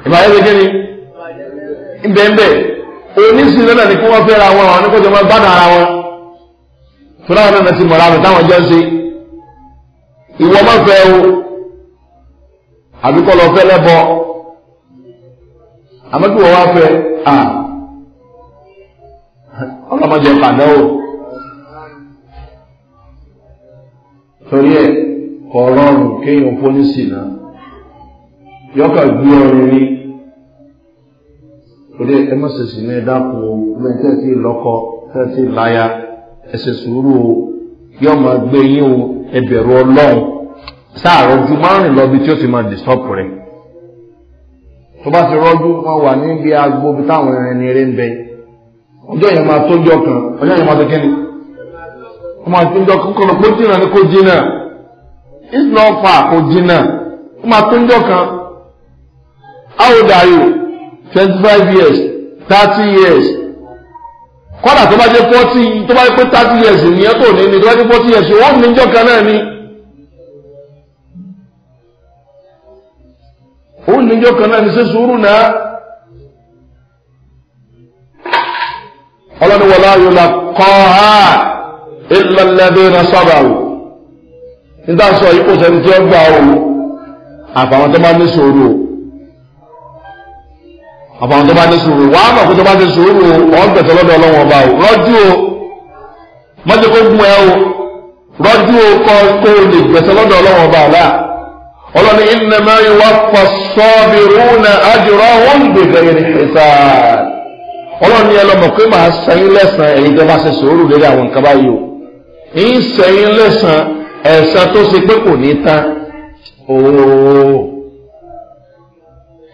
Ị ma kíni ìbẹ̀ǹbẹ̀ oníṣìí lọ́nà ni kí wọ́n fẹ́ra wọn àwọn oníkóso máa gbádùn ara wọn fúláwọn náà ti mọ̀ra rẹ̀ táwọn jọ ń ṣe ìwọ máa fẹ́ o àbíkọ́ lọ fẹ́ lẹ́bọ àmọ́ kí onye wá fẹ́ à ọlọ́mọdé pàdé o torí kéèyàn torí ẹ má ṣe o ọmọ ẹ tẹ́tí lọ́kọ tẹ́tí láya ẹ sùúrù o yóò máa gbé yín o ẹ ọlọ́run sáàrọ̀ ju márùn lọ tí ó ti máa rẹ̀ tó bá ti rọ́jú wọn wà níbi agbo bí táwọn ẹni eré ń bẹ ọjọ́ yẹn máa tójọ́ kan ọjọ́ yẹn máa tó kíni wọ́n máa tójọ́ kọ́kọ́ lọ kó jìnnà ní kó jìnnà ìsìnà ọ̀pá kó jìnnà wọ́n máa twenty five years thirty years kọ́dà tó bá jẹ́ forty tó bá jẹ́ pé thirty years ìyẹn tó ní ni tó bá jẹ́ forty years wọ́n ní jọ́ kan náà ni. ó ní jọ́ kan náà ni ṣé sùúrù náà. ọlọ́ni wọlé la kọ́ ha ìlọlẹ́bí na sọ́dà o nígbà sọ yìí kò sẹ́ni tí ó gbà o àfàwọn tó máa ní sòrò o àbàwọn tó bá ní sùúrù wàá mọ̀ pé tó bá ní sùúrù ọ̀gbẹ̀tẹ̀ lọ́dọ̀ ọlọ́wọ́n ọba o rọ́jú o mọ́tò kó gún ẹ o rọ́jú o kọ́ kó o lè gbẹ̀sẹ̀ lọ́dọ̀ ọlọ́wọ́n ọba àlá ọlọ́ni ìnàmọ́ ìwà fọ̀sọ́bìrúnà àjùrọ̀ wọn gbègbè ìrìnsà ọlọ́ni ẹ pé màá sẹ́yìn lẹ́sàn ẹ̀yin tó bá ṣe sùúrù lórí àwọn nǹkan báyìí o ń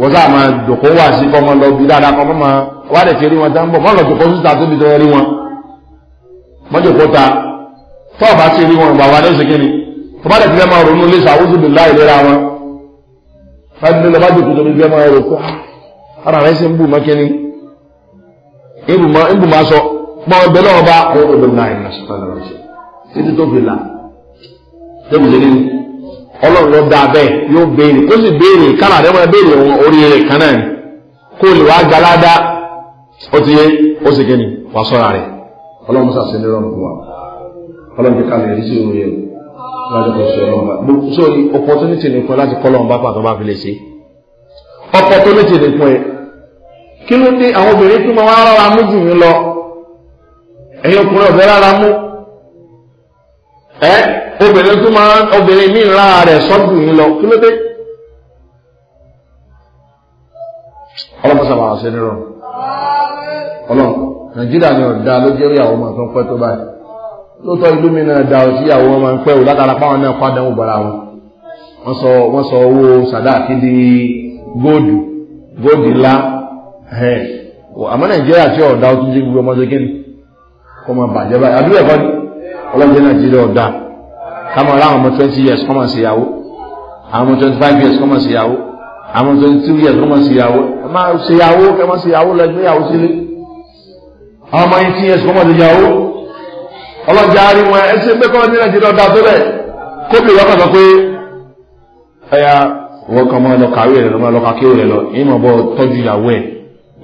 wọ́n sáà máa jòkó wà sí kọ́mọ lọ bí dáadáa kọ́mọ máa wá lè fi wọn tán bọ̀ mọ́ lọ rí wọn mọ́jòkó ta tọ́ ọ̀bá ti rí wọn ìgbàwá lẹ́sẹ̀ kí ni tó bá lè fi ronú lé sàwùsù bí láì wọn báyìí nílò jòkó fi rò kó ara rẹ̀ ń bù ni sọ mọ́ ọbẹ̀ bá kó náà ẹ̀ ọlọ́run ló dáa bẹ́ẹ̀ yóò béèrè kó sì béèrè kánà rẹ máa béèrè wọn oríire kan náà ni kó lè wá gbalada ó ti yé ó sì kéde wàá sọ́ra rẹ̀ ọlọ́run mọ́sá sí nírọ̀ nǹkan wa ọlọ́run ti kalẹ̀ rí sí òun yẹn láti kọ́ sí ọlọ́run bá gbogbo opportunity ni fún ẹ láti kọ́ lọ́run bá pàtó bá fi lè ṣe opportunity ni fún ẹ kí ló dé àwọn obìnrin tó máa wá rárá mú jù mí lọ ẹ̀yin ọkùnrin ọ̀bẹ rárá mú ẹ obìnrin tó máa obìnrin míì ra rẹ̀ sọ́dún yìí lọ kí ló dé. ọlọ́mọ sábà wá sí nírọ̀ ọlọ́mọ nàìjíríà ni ọ̀dà ló jẹ́ ìyàwó máa tó ń pẹ́ tó báyìí lóòótọ́ ìlú mi náà da ọtí ìyàwó wọn máa ń pẹ́ wò látara páwọn náà padà ń bọ̀ra wọn wọ́n sọ wọ́n sọ owó sàdáàkì di góòdù góòdù ńlá àmọ́ nàìjíríà tí ọ̀dà ọtí jẹ́ gbogbo ọmọdé kí ni máa bàjẹ́ báyìí ọlọ́jọ́ nàìjíríà ọ̀dà kámọ̀ ọ̀rá àwọn ọmọ twenty years kọ́mọ̀ sí ìyàwó àwọn ọmọ twenty five years kọ́mọ̀ sí ìyàwó àwọn ọmọ twenty two years kọ́mọ̀ sí ìyàwó ẹ má ṣe ìyàwó ẹ má ṣe ìyàwó lọ ẹgbẹ́ ìyàwó sílé àwọn ọmọ eighteen years kọ́mọ̀ sí ìyàwó ọlọ́jà àárín wọn ẹ ṣe pé kọ́mọ̀ sí nàìjíríà ọ̀dà tó bẹ̀ kóbi ìwọ́pọ̀ sọ pé ẹ̀yà wọ́n kàn máa lọ kàwé rẹ̀ lọ máa lọ kàkéwò rẹ̀ lọ ìmọ̀ bọ́ tọ́jú ìyàwó ẹ̀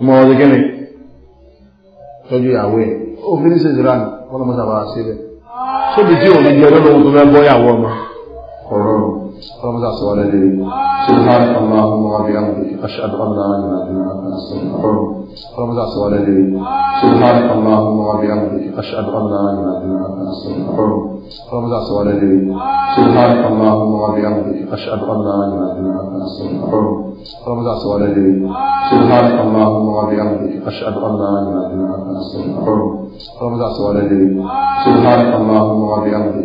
ìmọ̀ ọdún kẹ́rin tọ́jú ìyàwó ẹ̀ ó fi ní ṣèṣirà ní wọ́n lọ́mọ́sàbà síbẹ̀ ṣébi tí òun yọ lọ́nà ohun tó fẹ́ bọ́yàwó ọmọ kọ̀ọ̀rọ̀ رمضان ولدي سبحانك اللهم وبحمدك أشهد أن لا إله إلا أنت أستغفرك رمضان ولدي سبحانك اللهم وبحمدك أشهد أن لا إله إلا أنت أستغفرك رمضان ولدي سبحانك اللهم وبحمدك أشهد أن لا إله إلا أنت أستغفرك رمضان ولدي سبحانك اللهم وبحمدك أشهد أن لا إله إلا أنت أستغفرك رمضان ولدي سبحانك اللهم وبحمدك